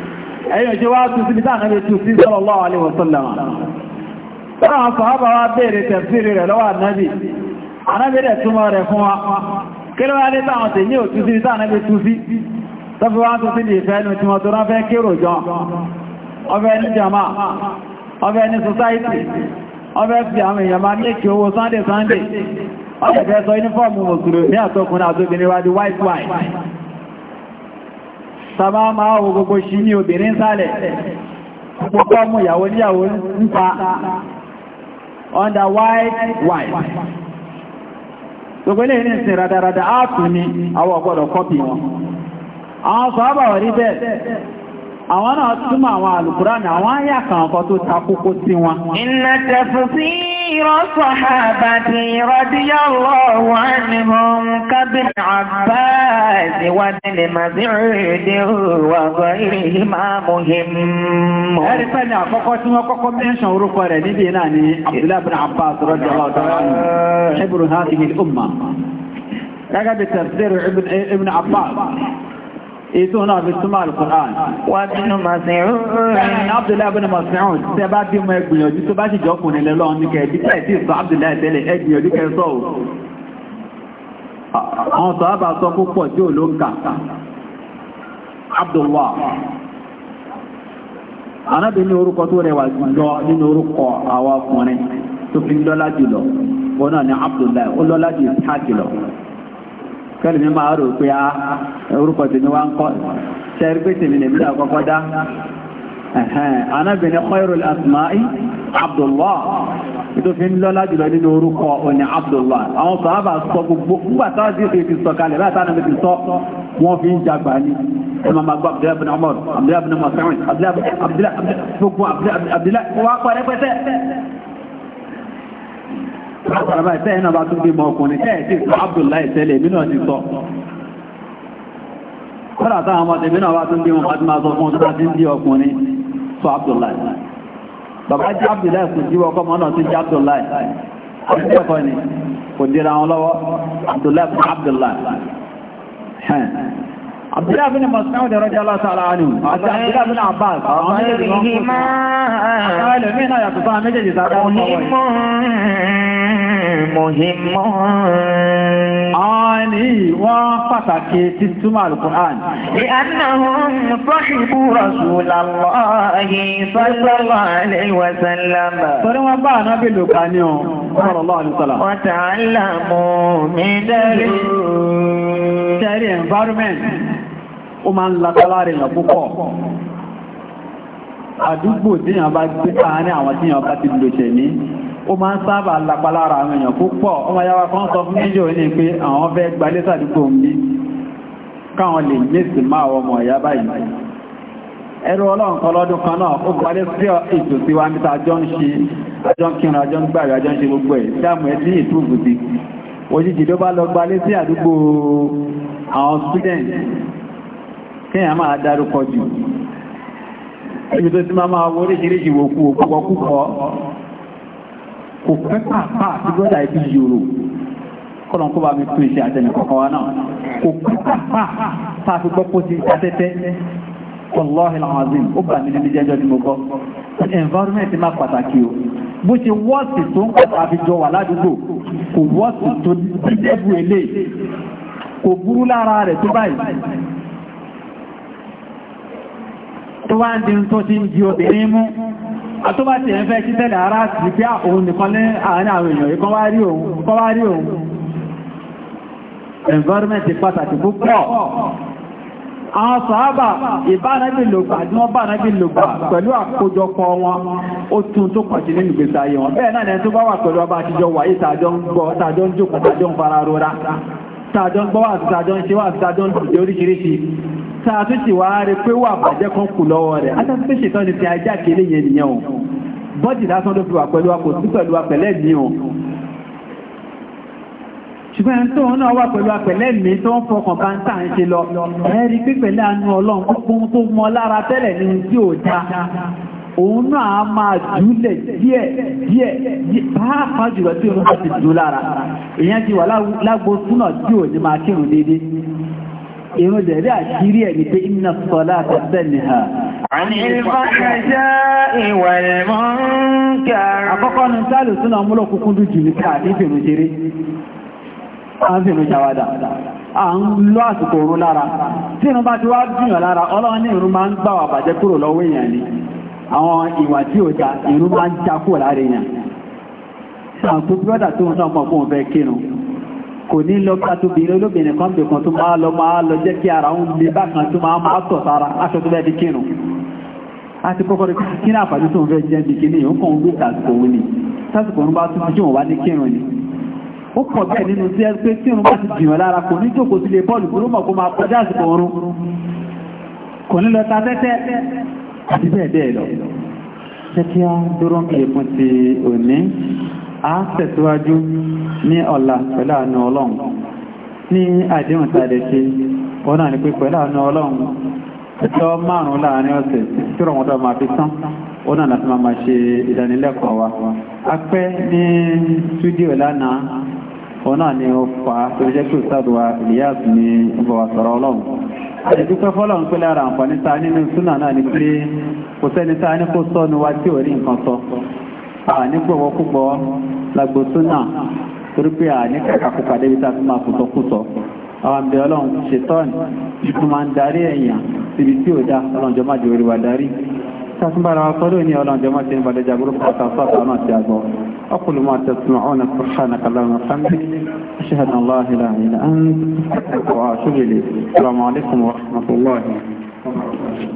ẹ̀yìn òjò wá tún sí ìdáhàn lè tún sí sallallahu alaihi wasallam táwọn sọ̀hábà wá béèrè tẹ̀sírí rẹ̀ lọ́wọ́ ànábì ànábì rẹ̀ túnmọ̀ rẹ̀ fún wa kí ló wá ní táwọn tè ní òtún sí ìdáhàn lè tún sí tọ́fí wá tún sí ìfẹ́ inú tí wọ́n tó rán fẹ́ kérò jọ ọbẹ̀ society ọbẹ̀ fi àwọn èèyàn máa ní èkè owó sunday sunday ọbẹ̀ fẹ́ sọ uniform mùsùlùmí àtọkùnrin àtobìnrin wá white white sábà máa wo gbogbo ṣí ní obìnrin sálẹ̀ gbogbo under white white gbogbo ilé radarada àwọn kọ́pì wọn àwọn bẹ́ẹ̀ àwọn náà túnmọ̀ àwọn àwọn tó takókó sí wọn. خير صحابتي رضي الله عنهم كابن عباس وابن مسعود وغيرهما مهم هل فني àkọ́kọ́ tí wọ́n kọ́kọ́ mention orúkọ rẹ̀ níbi náà ni Abdullah ibn Abbas radiyallahu ta'ala anhu hibru hadhihi al-umma gẹ́gẹ́ bí tafsir ibn Abbas ètò náà fi túnmọ̀ alìkùnrán. wà nínú Mas'ud. ẹ̀rìn Abdullahi bin Mas'ud tẹ́ bá bí mọ ẹgbìyànjú tó bá sì jọkùnrin lẹ́lọ́ ní kẹ́ẹ̀dí tẹ́ẹ̀tì sọ Abdullahi tẹ́lẹ̀ ẹgbìyànjú kẹsọ́ ò àwọn sọ àbà sọ púpọ̀ tí ò ló ń kà Abdullahi anábì ní orúkọ kẹ́lì mi máa rò pé a ah, orúkọ tèmi wá ń kọ́ ṣẹ́rí pé tèmi lè mílẹ̀ ọkọ́kọ́ dá anábìnrin khairul asma'i abdullah ìtòfin lọ́lá jùlọ nínú orúkọ òní abdullah àwọn sàábà sọ gbogbo nígbà tá àti èsì ti sọ kalẹ̀ bá àtàwọn èsì sọ wọ́n fi ń jagbà ní ẹmọ magba abdullahi bin umar abdullahi bin mas'ud abdullahi bin abdullahi gbogbo abdullahi wà pẹ̀rẹ́pẹ̀tẹ̀ látara báyìí tẹ́yìn náà bá tún bímọ ọkùnrin tẹ́yìn tí sọ Abdullahi tẹ́lẹ̀ èmi náà ti sọ kọ́dà táwọn ọmọdé èmi náà bá tún bímọ bá tún máa sọ fún ọdún láti ń bí ọkùnrin sọ Abdullahi bàbá jẹ́ Abdullahi kò jíwọ́ ọkọ́ mọ́ náà tún jẹ́ Abdullahi àti ẹ̀kọ́ ni kò dira wọn lọ́wọ́ Abdullahi مهم آني وفتك تسمى القرآن لأنهم صحبوا رسول الله صلى الله عليه وسلم فرما بانا باللقانيو صلى الله عليه وسلم وتعلموا من الشارع environment ó máa ń látàlá rẹ̀ lọ púpọ̀ àdúgbò tíyàn bá gbé káà ní àwọn tíyàn bá ti lòṣẹ̀ ní ó máa ń sábà lápalára àwọn èèyàn púpọ̀ ọmọ yàwá kan sọ fún níjò ní pé àwọn fẹ́ gbalẹ́ sàdúgbò ń bí káwọn lè gbèsè máa ọmọ ìyá báyìí ẹrù ọlọ́run kan lọ́dún kan náà ó gbalẹ́ sí ètò tí wá níta àjọ ń ṣe àjọ ń kírun àjọ ń gbàrí àjọ ń ṣe gbogbo ẹ̀ dáàmù ẹ̀ sí ìtúùbù sí òjijì ló bá lọ gbalẹ́ sí àdúgbò àwọn student kéèyàn máa dárúkọ jù kò pẹ́ pàápàá àti brọ́dà ibi yòrò kọ́nà kó bá mi tún iṣẹ́ àtẹnì kọ̀ọ̀kan wa náà kò pẹ́ pàápàá tá a fi gbọ́ pósí afẹ́fẹ́ wàláhi alazim ó bà mí níbi jẹ́jọ́ ni mo environment máa pàtàkì o bó ṣe wọ́ọ̀sì tó ń pàtàkì jọ wà ládùúgbò kò wọ́ọ̀sì tó dẹ́bù eléyìí kò burú lára rẹ̀ tó báyìí tó wá ń tó ti ń di obìnrin mú àtúbà tí ẹ̀fẹ́ sí tẹ́lẹ̀ ara ti pé ah, òun nìkan ní àárín àwọn èèyàn ikọ́ wá rí òun environment pàtàkì púpọ̀ àwọn sàábà ìbánábí lògbà tí wọ́n bánábí lògbà pẹ̀lú àkójọpọ̀ wọn ó tún tó pọ̀jù nínú ìgbésà ayé wọn bẹ́ẹ̀ náà tó bá wà pẹ̀lú ọba àtijọ́ wà ìtàjọ́ tàjọ́ ń jókòó tàjọ́ ń fara rora tàjọ́ ń gbọ́ wà tàjọ́ ń ṣe wà tàjọ́ ń dùn oríṣiríṣi tá a tún sì wá rí pé wà bàjẹ́ kan kù lọ́wọ́ rẹ̀ àtàtí pé ṣètọ́ ni ti ajá kele yẹn nìyẹn o bọ́dì lásán ló fi wà pẹ̀lú wa kò sí pẹ̀lú wa pẹ̀lẹ́ mi o ṣùgbọ́n ẹni tóun náà wà pẹ̀lú apẹ̀lẹ́ mi tó ń fọkàn bá ń tà ń ṣe lọ ẹ̀rí pípẹ̀lẹ́ àánú ọlọ́run gbogbo tó mọ lára tẹ́lẹ̀ ní tí ò já òun náà a máa jùlẹ̀ díẹ̀ díẹ̀ pàápàá jùlọ tí òun bá ti jù lára èèyàn ti wà lágbo súnà tí ò ní máa kírun déédéé irun dẹ̀rí àṣírí ẹ̀ ní pé iná sọ́lá àtẹ́sẹ̀ ní ha. àní ìfọ́nṣẹ́ ìwà ẹ̀mọ́ ń kẹrù. àkọ́kọ́ ní sáàlù súnà múlò kúkún dùn jù ní ká ní fèrè ṣeré a ń fèrè ṣàwádà a ń lọ àsìkò òru lára tí irun bá ti wá dùnyàn lára ọlọ́run ní irun máa ń gbà wà bàjẹ́ kúrò lọ́wọ́ èèyàn ni àwọn ìwà tí ò da irun máa ń já kúrò lára èèyàn. sàǹkú brọ́dà tó ń kò ní lọ kátóbìnrin olóbìnrin kan bìkan tó máa lọ máa lọ jẹ́ kí ara ń lè bákan tó máa máa tọ̀ sára aṣọ tó bẹ́ẹ̀ di kírun àti kọ́kọ́ rẹ̀ kí ní àfàdé tó ń fẹ́ jẹ́ bí kìíní òun kàn ń gbé tàṣìkò òun ni tàṣìkò òun bá tún jùn wá ní kírun ni ó kọ̀ bẹ́ẹ̀ nínú sí ẹ pé tí òun bá ti jìyàn lára kò ní jókòó sílé bọ́ọ̀lù kúrò mọ̀ kó máa kọjá àsìkò òun kò ní lọ ta tẹ́tẹ́ àti bẹ́ẹ̀ bẹ́ẹ̀ lọ ṣé kí á dúró ń pè fún ti òní a tẹ̀síwájú ní ọ̀la pẹ̀lú àánú ọlọ́run ní àdéhùn tàdé ṣe wọ́n náà ní pé pẹ̀lú àánú ọlọ́run ẹjọ́ márùn-ún láàrin ọ̀sẹ̀ tí máa fi tán wọ́n náà láti máa ṣe ìdánilẹ́kọ̀ọ́ a pẹ́ ní túdíò ni ta nínú súnà náà ni pé kò sẹ́ni ta ní kó sọ́nu wa tí ò rí ànígbọ̀wọ́kúgbọ́ lagbósúnà torí pé àníkàkàkùkà débi tá a fi máa kùtọ̀kùtọ̀ àwọn àmì ọlọ́run ṣetán ìkú máa ń darí èèyàn síbi tí ó dá ọlọ́njọ́ máa jòrì wà darí tàtúbára wa sọ́dọ̀ ní ọlọ́njọ́ máa ṣe ń balẹ̀ jàgbóró fún àtàkùn náà ti àgbọ̀ ọkùnrin máa tẹ̀sùn ọ̀nà sọ̀hánà kàlọ́run sáńdì ṣẹ́hàn